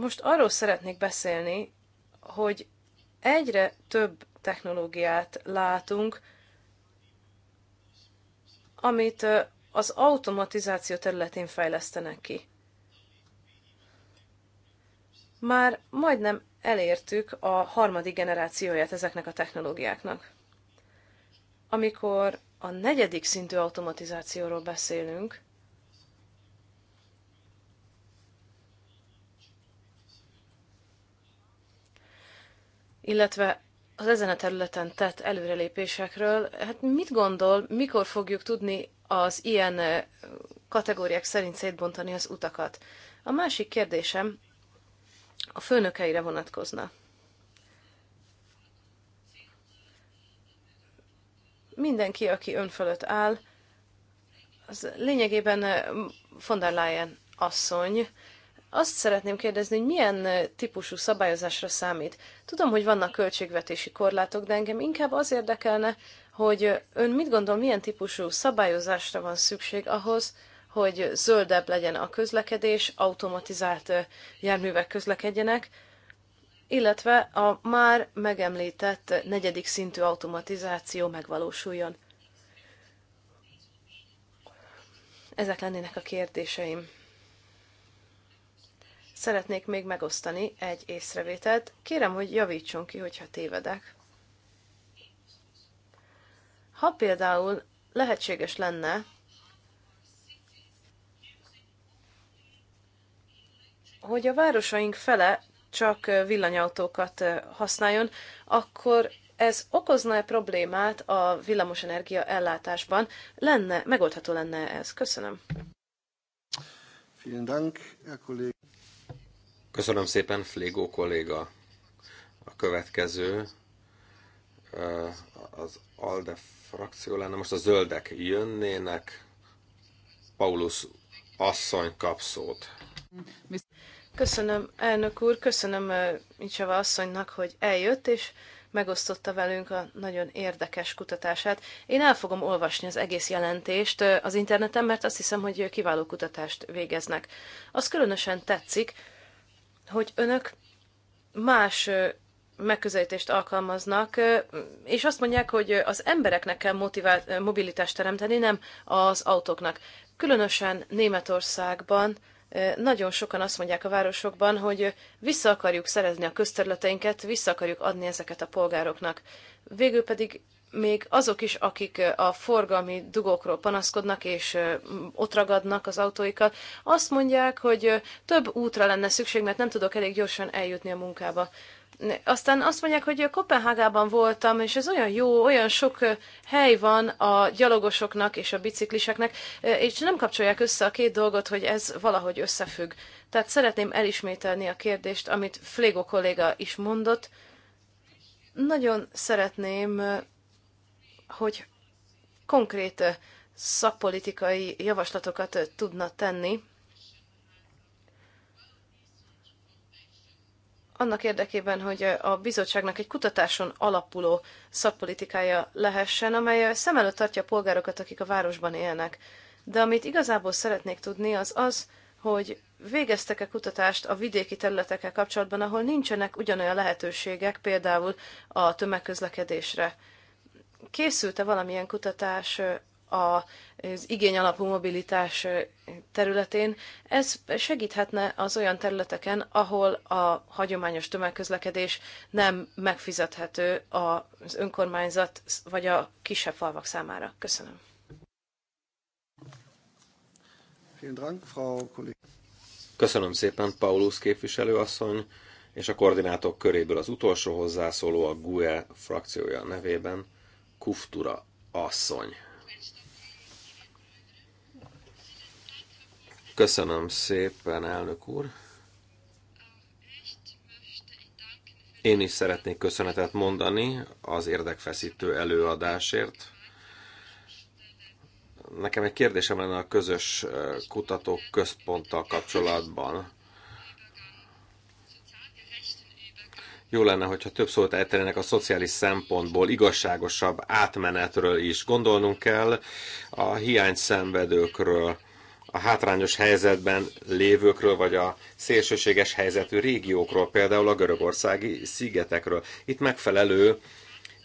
Most arról szeretnék beszélni, hogy egyre több technológiát látunk, amit az automatizáció területén fejlesztenek ki. Már majdnem elértük a harmadik generációját ezeknek a technológiáknak. Amikor a negyedik szintű automatizációról beszélünk, illetve az ezen a területen tett előrelépésekről. Hát mit gondol, mikor fogjuk tudni az ilyen kategóriák szerint szétbontani az utakat? A másik kérdésem a főnökeire vonatkozna. Mindenki, aki ön fölött áll, az lényegében von der Leyen asszony, azt szeretném kérdezni, hogy milyen típusú szabályozásra számít. Tudom, hogy vannak költségvetési korlátok, de engem inkább az érdekelne, hogy ön mit gondol, milyen típusú szabályozásra van szükség ahhoz, hogy zöldebb legyen a közlekedés, automatizált járművek közlekedjenek, illetve a már megemlített negyedik szintű automatizáció megvalósuljon. Ezek lennének a kérdéseim szeretnék még megosztani egy észrevételt. Kérem, hogy javítson ki, hogyha tévedek. Ha például lehetséges lenne, hogy a városaink fele csak villanyautókat használjon, akkor ez okozna-e problémát a villamosenergia ellátásban? Lenne, megoldható lenne ez? Köszönöm. Vielen Dank, Herr Kollege. Köszönöm szépen, Flégó kolléga. A következő eh, az ALDE frakció lenne. Most a zöldek jönnének. Paulus asszony kap szót. Köszönöm, elnök úr, köszönöm eh, Micsava asszonynak, hogy eljött, és megosztotta velünk a nagyon érdekes kutatását. Én el fogom olvasni az egész jelentést eh, az interneten, mert azt hiszem, hogy kiváló kutatást végeznek. Az különösen tetszik, hogy önök más megközelítést alkalmaznak, és azt mondják, hogy az embereknek kell motivált, mobilitást teremteni, nem az autóknak. Különösen Németországban nagyon sokan azt mondják a városokban, hogy vissza akarjuk szerezni a közterületeinket, vissza akarjuk adni ezeket a polgároknak. Végül pedig még azok is, akik a forgalmi dugókról panaszkodnak és ott ragadnak az autóikat, azt mondják, hogy több útra lenne szükség, mert nem tudok elég gyorsan eljutni a munkába. Aztán azt mondják, hogy Kopenhágában voltam, és ez olyan jó, olyan sok hely van a gyalogosoknak és a bicikliseknek, és nem kapcsolják össze a két dolgot, hogy ez valahogy összefügg. Tehát szeretném elismételni a kérdést, amit Flégo kolléga is mondott. Nagyon szeretném hogy konkrét szakpolitikai javaslatokat tudna tenni annak érdekében, hogy a bizottságnak egy kutatáson alapuló szakpolitikája lehessen, amely szem előtt tartja a polgárokat, akik a városban élnek. De amit igazából szeretnék tudni, az az, hogy végeztek-e kutatást a vidéki területekkel kapcsolatban, ahol nincsenek ugyanolyan lehetőségek, például a tömegközlekedésre készült-e valamilyen kutatás az igény alapú mobilitás területén. Ez segíthetne az olyan területeken, ahol a hagyományos tömegközlekedés nem megfizethető az önkormányzat vagy a kisebb falvak számára. Köszönöm. Köszönöm szépen, Paulus képviselőasszony, és a koordinátok köréből az utolsó hozzászóló a GUE frakciója nevében. Kuftura asszony. Köszönöm szépen, elnök úr. Én is szeretnék köszönetet mondani az érdekfeszítő előadásért. Nekem egy kérdésem lenne a közös eh, kutatóközponttal kapcsolatban. jó lenne, hogyha több szót eltelenek a szociális szempontból igazságosabb átmenetről is. Gondolnunk kell a hiány szenvedőkről, a hátrányos helyzetben lévőkről, vagy a szélsőséges helyzetű régiókról, például a görögországi szigetekről. Itt megfelelő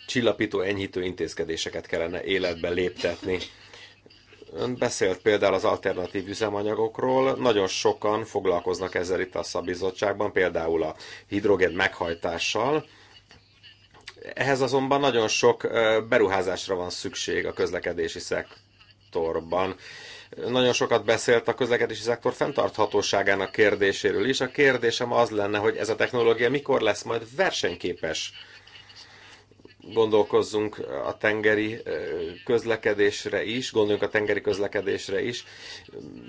csillapító, enyhítő intézkedéseket kellene életbe léptetni. Ön beszélt például az alternatív üzemanyagokról, nagyon sokan foglalkoznak ezzel itt a szabizottságban, például a hidrogén meghajtással. Ehhez azonban nagyon sok beruházásra van szükség a közlekedési szektorban. Nagyon sokat beszélt a közlekedési szektor fenntarthatóságának kérdéséről is. A kérdésem az lenne, hogy ez a technológia mikor lesz majd versenyképes gondolkozzunk a tengeri közlekedésre is, gondoljunk a tengeri közlekedésre is.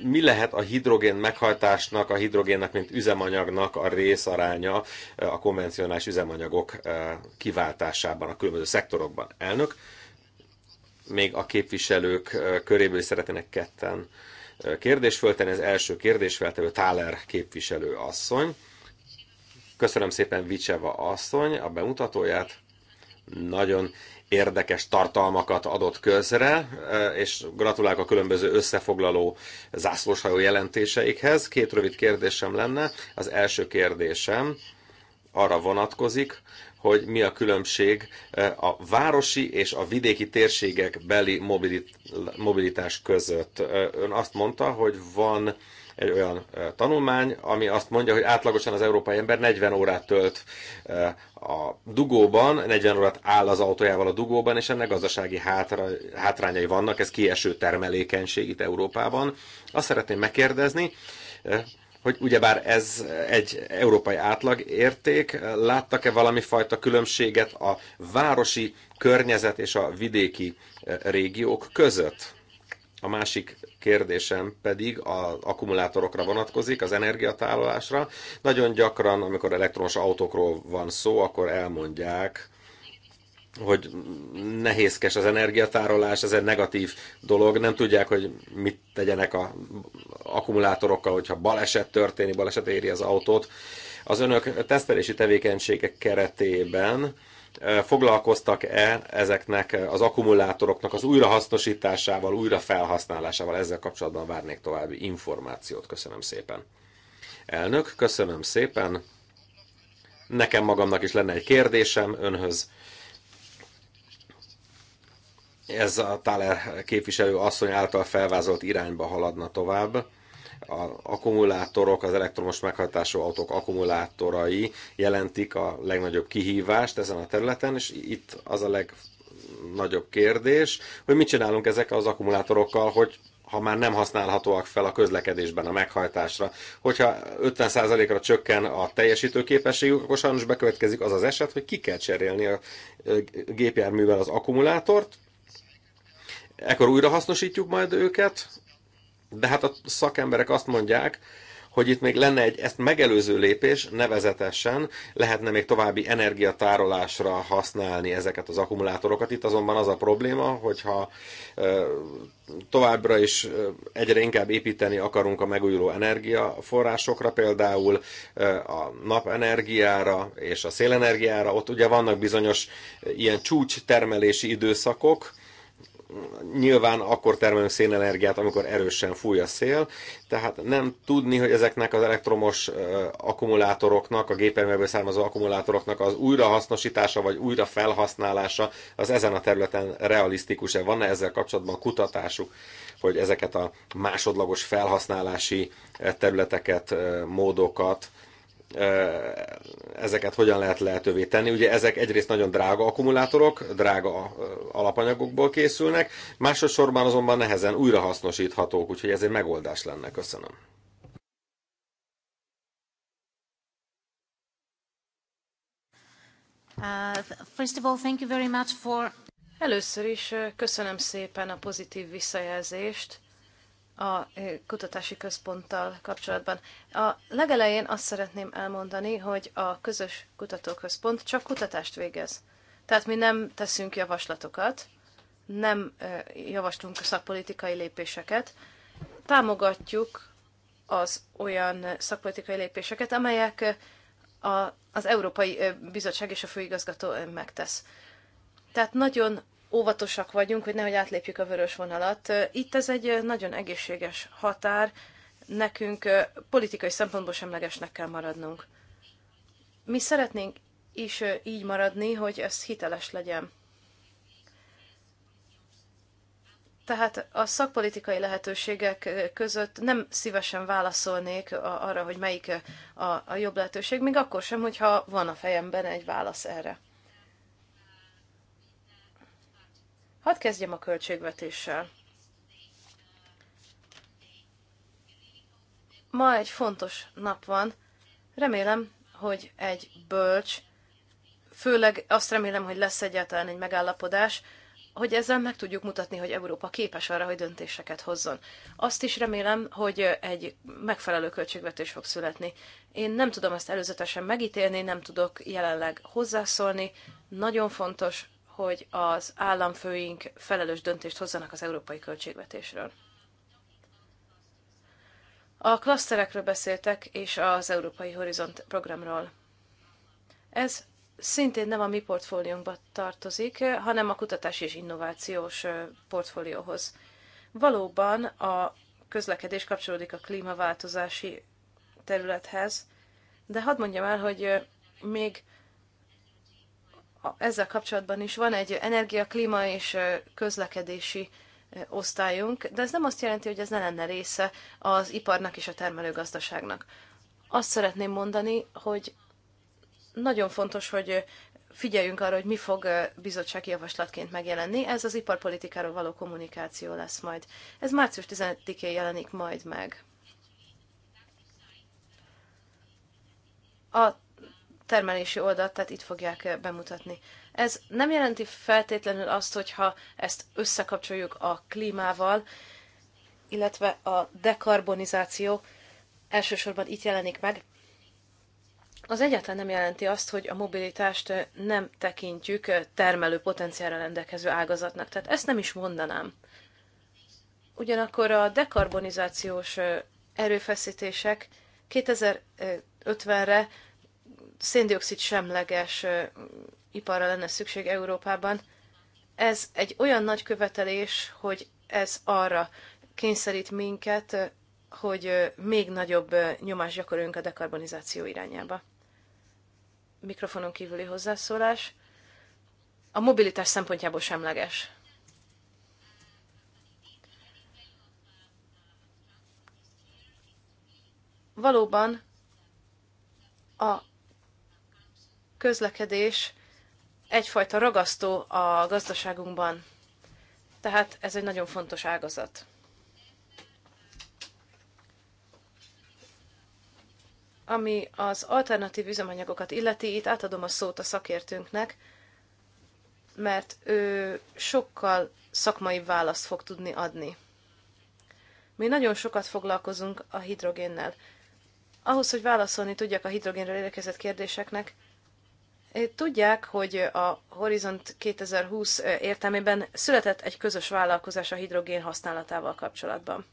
Mi lehet a hidrogén meghajtásnak, a hidrogénnek, mint üzemanyagnak a részaránya a konvencionális üzemanyagok kiváltásában, a különböző szektorokban? Elnök, még a képviselők köréből is szeretnének ketten kérdés föltenni. Az első kérdésfeltevő Táler képviselő asszony. Köszönöm szépen Vicseva asszony a bemutatóját nagyon érdekes tartalmakat adott közre, e, és gratulálok a különböző összefoglaló zászlóshajó jelentéseikhez. Két rövid kérdésem lenne. Az első kérdésem arra vonatkozik, hogy mi a különbség e, a városi és a vidéki térségek beli mobilitás között. E, ön azt mondta, hogy van egy olyan tanulmány, ami azt mondja, hogy átlagosan az európai ember 40 órát tölt a dugóban, 40 órát áll az autójával a dugóban, és ennek gazdasági hátra, hátrányai vannak, ez kieső termelékenység itt Európában. Azt szeretném megkérdezni, hogy ugyebár ez egy európai átlagérték, láttak-e valami fajta különbséget a városi környezet és a vidéki régiók között? A másik kérdésem pedig az akkumulátorokra vonatkozik, az energiatárolásra. Nagyon gyakran, amikor elektronos autókról van szó, akkor elmondják, hogy nehézkes az energiatárolás, ez egy negatív dolog, nem tudják, hogy mit tegyenek a akkumulátorokkal, hogyha baleset történik, baleset éri az autót. Az önök tesztelési tevékenységek keretében foglalkoztak-e ezeknek az akkumulátoroknak az újrahasznosításával, újrafelhasználásával, ezzel kapcsolatban várnék további információt. Köszönöm szépen. Elnök, köszönöm szépen. Nekem magamnak is lenne egy kérdésem önhöz. Ez a Thaler képviselő asszony által felvázolt irányba haladna tovább a akkumulátorok, az elektromos meghajtású autók akkumulátorai jelentik a legnagyobb kihívást ezen a területen, és itt az a legnagyobb kérdés, hogy mit csinálunk ezek az akkumulátorokkal, hogy ha már nem használhatóak fel a közlekedésben a meghajtásra. Hogyha 50%-ra csökken a képességük, akkor sajnos bekövetkezik az az eset, hogy ki kell cserélni a gépjárművel az akkumulátort, ekkor újra hasznosítjuk majd őket, de hát a szakemberek azt mondják, hogy itt még lenne egy ezt megelőző lépés, nevezetesen lehetne még további energiatárolásra használni ezeket az akkumulátorokat. Itt azonban az a probléma, hogyha továbbra is egyre inkább építeni akarunk a megújuló energiaforrásokra, például a napenergiára és a szélenergiára, ott ugye vannak bizonyos ilyen csúcs termelési időszakok, nyilván akkor termelünk szénenergiát, amikor erősen fúj a szél, tehát nem tudni, hogy ezeknek az elektromos akkumulátoroknak, a gépermőből származó akkumulátoroknak az újrahasznosítása vagy újrafelhasználása az ezen a területen realisztikus-e. Van-e ezzel kapcsolatban kutatásuk, hogy ezeket a másodlagos felhasználási területeket, módokat ezeket hogyan lehet lehetővé tenni. Ugye ezek egyrészt nagyon drága akkumulátorok, drága alapanyagokból készülnek, másodszorban azonban nehezen újrahasznosíthatók, úgyhogy ez egy megoldás lenne. Köszönöm. Uh, Először is köszönöm szépen a pozitív visszajelzést a kutatási központtal kapcsolatban. A legelején azt szeretném elmondani, hogy a közös kutatóközpont csak kutatást végez. Tehát mi nem teszünk javaslatokat, nem javaslunk szakpolitikai lépéseket, támogatjuk az olyan szakpolitikai lépéseket, amelyek a, az Európai Bizottság és a Főigazgató megtesz. Tehát nagyon óvatosak vagyunk, hogy nehogy átlépjük a vörös vonalat. Itt ez egy nagyon egészséges határ, nekünk politikai szempontból semlegesnek kell maradnunk. Mi szeretnénk is így maradni, hogy ez hiteles legyen. Tehát a szakpolitikai lehetőségek között nem szívesen válaszolnék arra, hogy melyik a, a jobb lehetőség, még akkor sem, hogyha van a fejemben egy válasz erre. Hadd kezdjem a költségvetéssel. Ma egy fontos nap van. Remélem, hogy egy bölcs, főleg azt remélem, hogy lesz egyáltalán egy megállapodás, hogy ezzel meg tudjuk mutatni, hogy Európa képes arra, hogy döntéseket hozzon. Azt is remélem, hogy egy megfelelő költségvetés fog születni. Én nem tudom ezt előzetesen megítélni, nem tudok jelenleg hozzászólni. Nagyon fontos, hogy az államfőink felelős döntést hozzanak az európai költségvetésről. A klaszterekről beszéltek, és az Európai Horizont programról. Ez szintén nem a mi portfóliónkba tartozik, hanem a kutatási és innovációs portfólióhoz. Valóban a közlekedés kapcsolódik a klímaváltozási területhez, de hadd mondjam el, hogy még ezzel kapcsolatban is van egy energia, klíma és közlekedési osztályunk, de ez nem azt jelenti, hogy ez ne lenne része az iparnak és a termelőgazdaságnak. Azt szeretném mondani, hogy nagyon fontos, hogy figyeljünk arra, hogy mi fog bizottsági javaslatként megjelenni. Ez az iparpolitikáról való kommunikáció lesz majd. Ez március 15-én jelenik majd meg. A termelési oldalt, tehát itt fogják bemutatni. Ez nem jelenti feltétlenül azt, hogyha ezt összekapcsoljuk a klímával, illetve a dekarbonizáció elsősorban itt jelenik meg. Az egyáltalán nem jelenti azt, hogy a mobilitást nem tekintjük termelő potenciálra rendelkező ágazatnak. Tehát ezt nem is mondanám. Ugyanakkor a dekarbonizációs erőfeszítések 2050-re széndiokszid semleges iparra lenne szükség Európában. Ez egy olyan nagy követelés, hogy ez arra kényszerít minket, hogy még nagyobb nyomást gyakoroljunk a dekarbonizáció irányába. Mikrofonon kívüli hozzászólás. A mobilitás szempontjából semleges. Valóban a közlekedés egyfajta ragasztó a gazdaságunkban. Tehát ez egy nagyon fontos ágazat. Ami az alternatív üzemanyagokat illeti, itt átadom a szót a szakértőnknek, mert ő sokkal szakmai választ fog tudni adni. Mi nagyon sokat foglalkozunk a hidrogénnel. Ahhoz, hogy válaszolni tudjak a hidrogénről érkezett kérdéseknek, Eh, tudják, hogy a Horizont 2020 eh, értelmében született egy közös vállalkozás a hidrogén használatával kapcsolatban.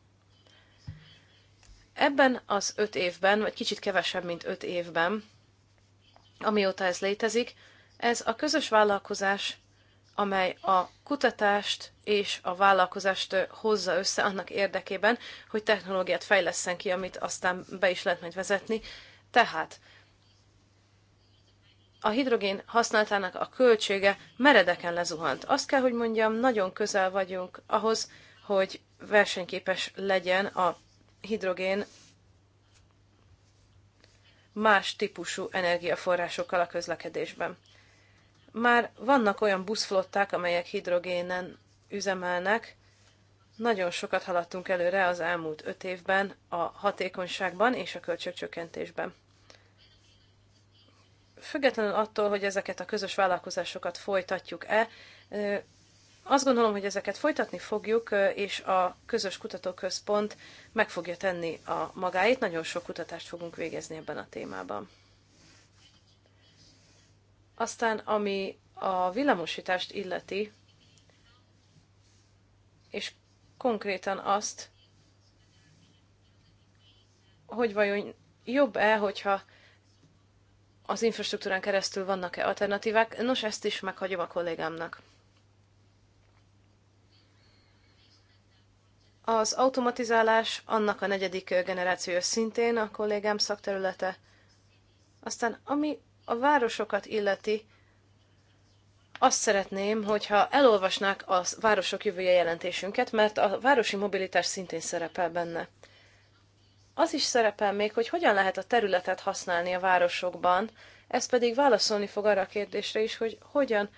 Ebben az öt évben, vagy kicsit kevesebb, mint öt évben, amióta ez létezik, ez a közös vállalkozás, amely a kutatást és a vállalkozást eh, hozza össze annak érdekében, hogy technológiát fejleszten ki, amit aztán be is lehet majd vezetni. Tehát a hidrogén használatának a költsége meredeken lezuhant. Azt kell, hogy mondjam, nagyon közel vagyunk ahhoz, hogy versenyképes legyen a hidrogén más típusú energiaforrásokkal a közlekedésben. Már vannak olyan buszflották, amelyek hidrogénen üzemelnek. Nagyon sokat haladtunk előre az elmúlt öt évben a hatékonyságban és a költségcsökkentésben. Függetlenül attól, hogy ezeket a közös vállalkozásokat folytatjuk-e, azt gondolom, hogy ezeket folytatni fogjuk, és a közös kutatóközpont meg fogja tenni a magáit. Nagyon sok kutatást fogunk végezni ebben a témában. Aztán, ami a villamosítást illeti, és konkrétan azt, hogy vajon jobb-e, hogyha az infrastruktúrán keresztül vannak-e alternatívák. Nos, ezt is meghagyom a kollégámnak. Az automatizálás annak a negyedik generációja szintén a kollégám szakterülete. Aztán ami a városokat illeti, azt szeretném, hogyha elolvasnák a Városok Jövője jelentésünket, mert a városi mobilitás szintén szerepel benne. Az is szerepel még, hogy hogyan lehet a területet használni a városokban, ez pedig válaszolni fog arra a kérdésre is, hogy hogyan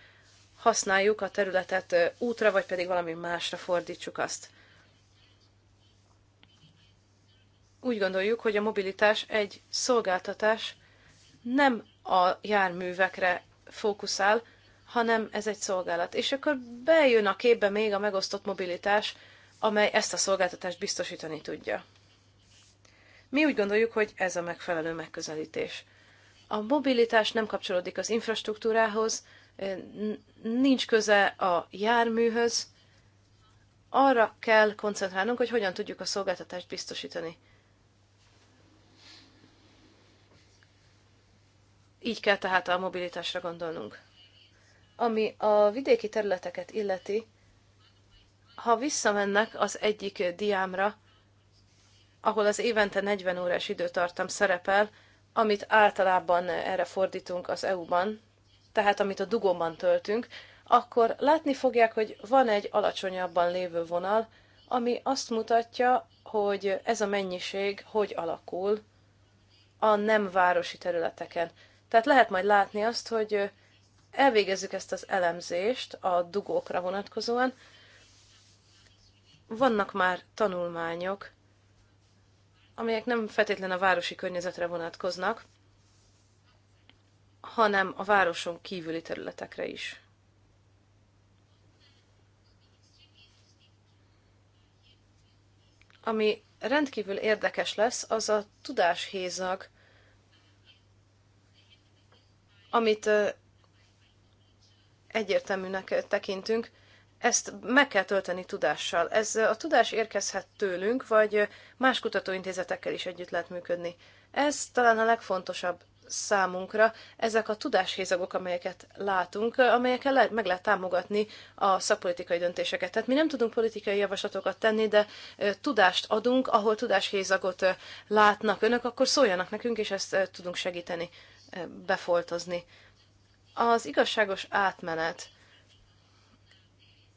használjuk a területet útra, vagy pedig valami másra fordítsuk azt. Úgy gondoljuk, hogy a mobilitás egy szolgáltatás nem a járművekre fókuszál, hanem ez egy szolgálat. És akkor bejön a képbe még a megosztott mobilitás, amely ezt a szolgáltatást biztosítani tudja. Mi úgy gondoljuk, hogy ez a megfelelő megközelítés. A mobilitás nem kapcsolódik az infrastruktúrához, nincs köze a járműhöz, arra kell koncentrálnunk, hogy hogyan tudjuk a szolgáltatást biztosítani. Így kell tehát a mobilitásra gondolnunk. Ami a vidéki területeket illeti, ha visszamennek az egyik diámra, ahol az évente 40 órás időtartam szerepel, amit általában erre fordítunk az EU-ban, tehát amit a dugóban töltünk, akkor látni fogják, hogy van egy alacsonyabban lévő vonal, ami azt mutatja, hogy ez a mennyiség hogy alakul a nem városi területeken. Tehát lehet majd látni azt, hogy elvégezzük ezt az elemzést a dugókra vonatkozóan. Vannak már tanulmányok, amelyek nem feltétlen a városi környezetre vonatkoznak, hanem a városon kívüli területekre is. Ami rendkívül érdekes lesz, az a tudáshézag, amit egyértelműnek tekintünk, ezt meg kell tölteni tudással. Ez a tudás érkezhet tőlünk, vagy más kutatóintézetekkel is együtt lehet működni. Ez talán a legfontosabb számunkra ezek a tudáshézagok, amelyeket látunk, amelyekkel lehet, meg lehet támogatni a szakpolitikai döntéseket. Tehát mi nem tudunk politikai javaslatokat tenni, de tudást adunk, ahol tudáshézagot látnak önök, akkor szóljanak nekünk, és ezt tudunk segíteni befoltozni. Az igazságos átmenet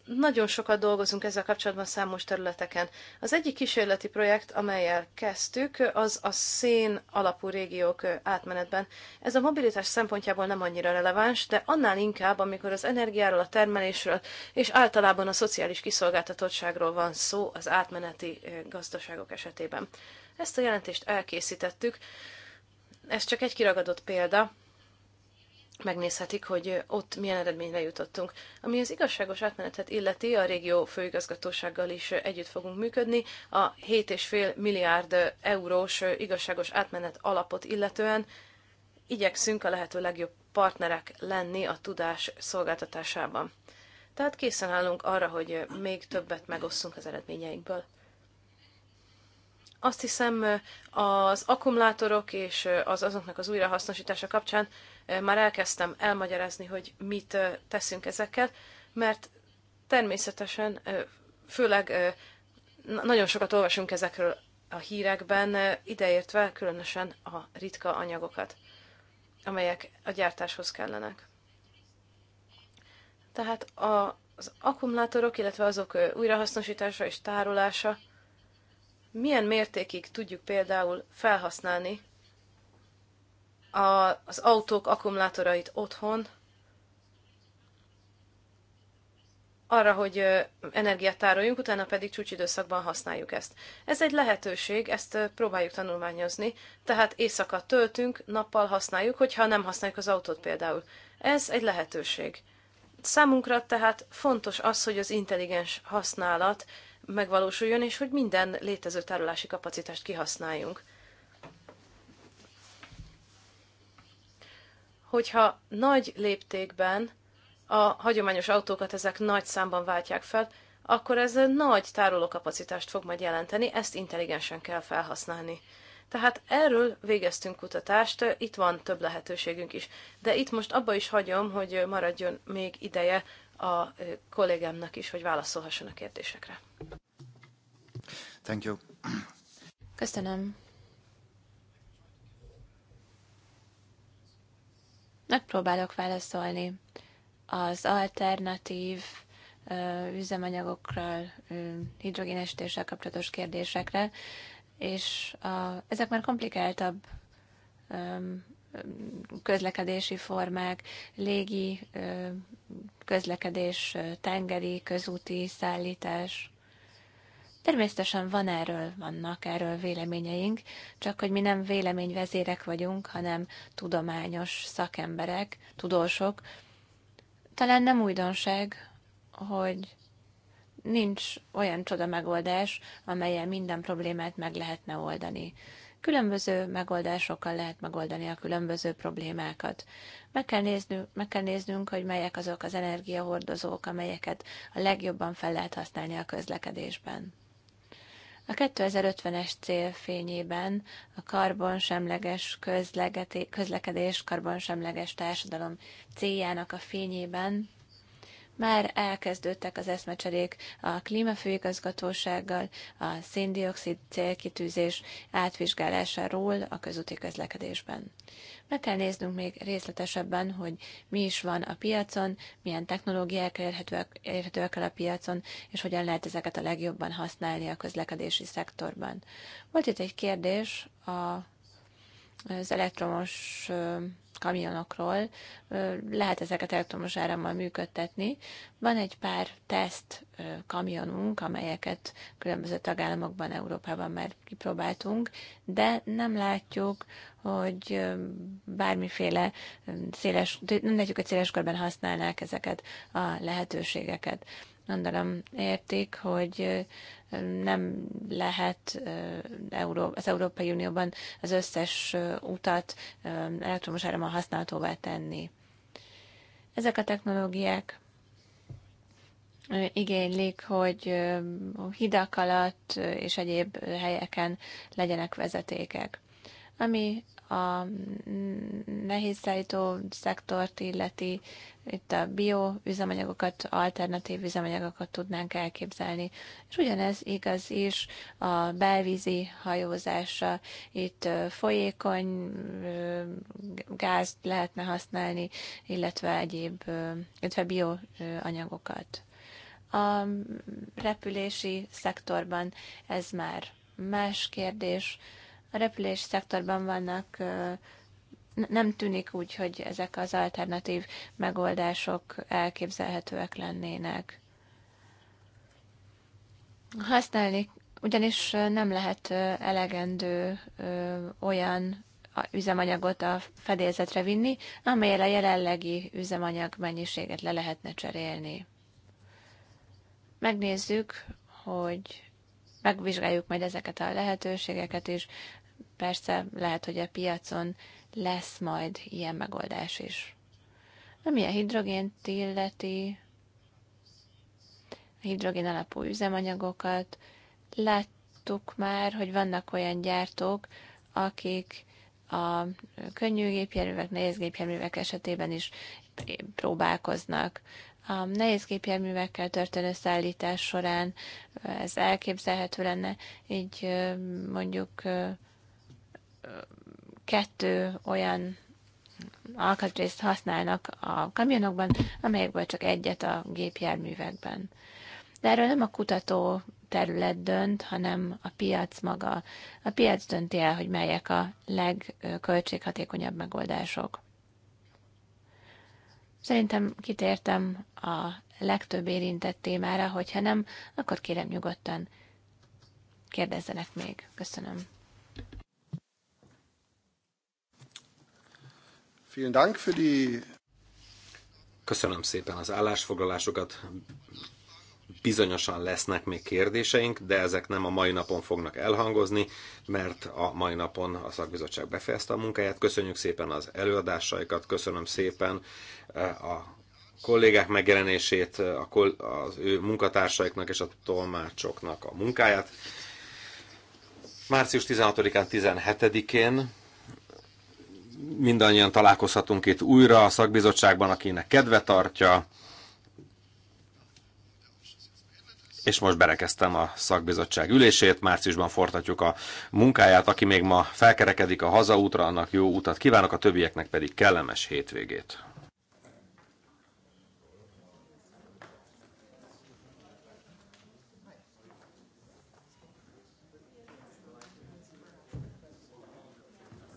nagyon sokat dolgozunk ezzel kapcsolatban számos területeken. Az egyik kísérleti projekt, amelyel kezdtük, az a szén alapú régiók átmenetben. Ez a mobilitás szempontjából nem annyira releváns, de annál inkább, amikor az energiáról, a termelésről és általában a szociális kiszolgáltatottságról van szó az átmeneti gazdaságok esetében. Ezt a jelentést elkészítettük. Ez csak egy kiragadott példa, megnézhetik, hogy ott milyen eredményre jutottunk. Ami az igazságos átmenetet illeti, a régió főigazgatósággal is együtt fogunk működni. A 7,5 milliárd eurós igazságos átmenet alapot illetően igyekszünk a lehető legjobb partnerek lenni a tudás szolgáltatásában. Tehát készen állunk arra, hogy még többet megosszunk az eredményeinkből. Azt hiszem, az akkumulátorok és az azoknak az újrahasznosítása kapcsán Eh, már elkezdtem elmagyarázni, hogy mit eh, teszünk ezekkel, mert természetesen eh, főleg nagyon sokat olvasunk ezekről a hírekben, ideértve különösen a ritka anyagokat, amelyek a gyártáshoz kellenek. Tehát az akkumulátorok, illetve azok újrahasznosítása és tárolása milyen mértékig tudjuk például felhasználni a, az autók akkumulátorait otthon, arra, hogy energiát tároljunk, utána pedig csúcsidőszakban használjuk ezt. Ez egy lehetőség, ezt próbáljuk tanulmányozni, tehát éjszaka töltünk, nappal használjuk, hogyha nem használjuk az autót például. Ez egy lehetőség. Számunkra tehát fontos az, hogy az intelligens használat megvalósuljon, és hogy minden létező tárolási kapacitást kihasználjunk. hogyha nagy léptékben a hagyományos autókat ezek nagy számban váltják fel, akkor ez nagy tárolókapacitást fog majd jelenteni, ezt intelligensen kell felhasználni. Tehát erről végeztünk kutatást, itt van több lehetőségünk is. De itt most abba is hagyom, hogy maradjon még ideje a kollégámnak is, hogy válaszolhasson a kérdésekre. Thank you. Köszönöm. Megpróbálok válaszolni az alternatív üzemanyagokról, hidrogénesítéssel kapcsolatos kérdésekre, és a, ezek már komplikáltabb közlekedési formák, légi közlekedés, tengeri, közúti szállítás, Természetesen van erről, vannak erről véleményeink, csak hogy mi nem véleményvezérek vagyunk, hanem tudományos szakemberek, tudósok. Talán nem újdonság, hogy nincs olyan csoda megoldás, amelyen minden problémát meg lehetne oldani. Különböző megoldásokkal lehet megoldani a különböző problémákat. Meg kell, néznünk, meg kell néznünk, hogy melyek azok az energiahordozók, amelyeket a legjobban fel lehet használni a közlekedésben. A 2050-es cél fényében a karbonsemleges közlekedés, karbonsemleges társadalom céljának a fényében már elkezdődtek az eszmecserék a klímafőigazgatósággal, a széndiokszid célkitűzés átvizsgálásáról a közúti közlekedésben. Meg kell néznünk még részletesebben, hogy mi is van a piacon, milyen technológiák érhetőek, érhetőek el a piacon, és hogyan lehet ezeket a legjobban használni a közlekedési szektorban. Volt itt egy kérdés a az elektromos kamionokról, lehet ezeket elektromos árammal működtetni. Van egy pár teszt kamionunk, amelyeket különböző tagállamokban, Európában már kipróbáltunk, de nem látjuk, hogy bármiféle széles, nem látjuk, hogy széles körben használnák ezeket a lehetőségeket gondolom értik, hogy nem lehet az Európai Unióban az összes utat elektromos árammal használhatóvá tenni. Ezek a technológiák igénylik, hogy hidak alatt és egyéb helyeken legyenek vezetékek. Ami a nehézszállító szektort illeti, itt a bioüzemanyagokat, alternatív üzemanyagokat tudnánk elképzelni. És ugyanez igaz is a belvízi hajózásra. Itt folyékony gázt lehetne használni, illetve egyéb, illetve bioanyagokat. A repülési szektorban ez már más kérdés, a repülés szektorban vannak nem tűnik úgy, hogy ezek az alternatív megoldások elképzelhetőek lennének. Használni ugyanis nem lehet elegendő olyan üzemanyagot a fedélzetre vinni, amelyel a jelenlegi üzemanyag mennyiséget le lehetne cserélni. Megnézzük, hogy megvizsgáljuk majd ezeket a lehetőségeket is. Persze lehet, hogy a piacon lesz majd ilyen megoldás is. Ami a hidrogént illeti, a hidrogén alapú üzemanyagokat, láttuk már, hogy vannak olyan gyártók, akik a könnyű gépjárművek, nehéz gépjárművek esetében is próbálkoznak. A nehéz gépjárművekkel történő szállítás során ez elképzelhető lenne, így mondjuk kettő olyan alkatrészt használnak a kamionokban, amelyekből csak egyet a gépjárművekben. De erről nem a kutató terület dönt, hanem a piac maga. A piac dönti el, hogy melyek a legköltséghatékonyabb megoldások. Szerintem kitértem a legtöbb érintett témára, hogyha nem, akkor kérem nyugodtan kérdezzenek még. Köszönöm. Vielen Dank für die Köszönöm szépen az állásfoglalásokat, Bizonyosan lesznek még kérdéseink, de ezek nem a mai napon fognak elhangozni, mert a mai napon a szakbizottság befejezte a munkáját. Köszönjük szépen az előadásaikat, köszönöm szépen eh, a kollégák megjelenését, a kol- az ő munkatársaiknak és a tolmácsoknak a munkáját. Március 16-án, 17-én mindannyian találkozhatunk itt újra a szakbizottságban, akinek kedve tartja. És most berekeztem a szakbizottság ülését, márciusban fortatjuk a munkáját. Aki még ma felkerekedik a hazaútra, annak jó utat kívánok, a többieknek pedig kellemes hétvégét.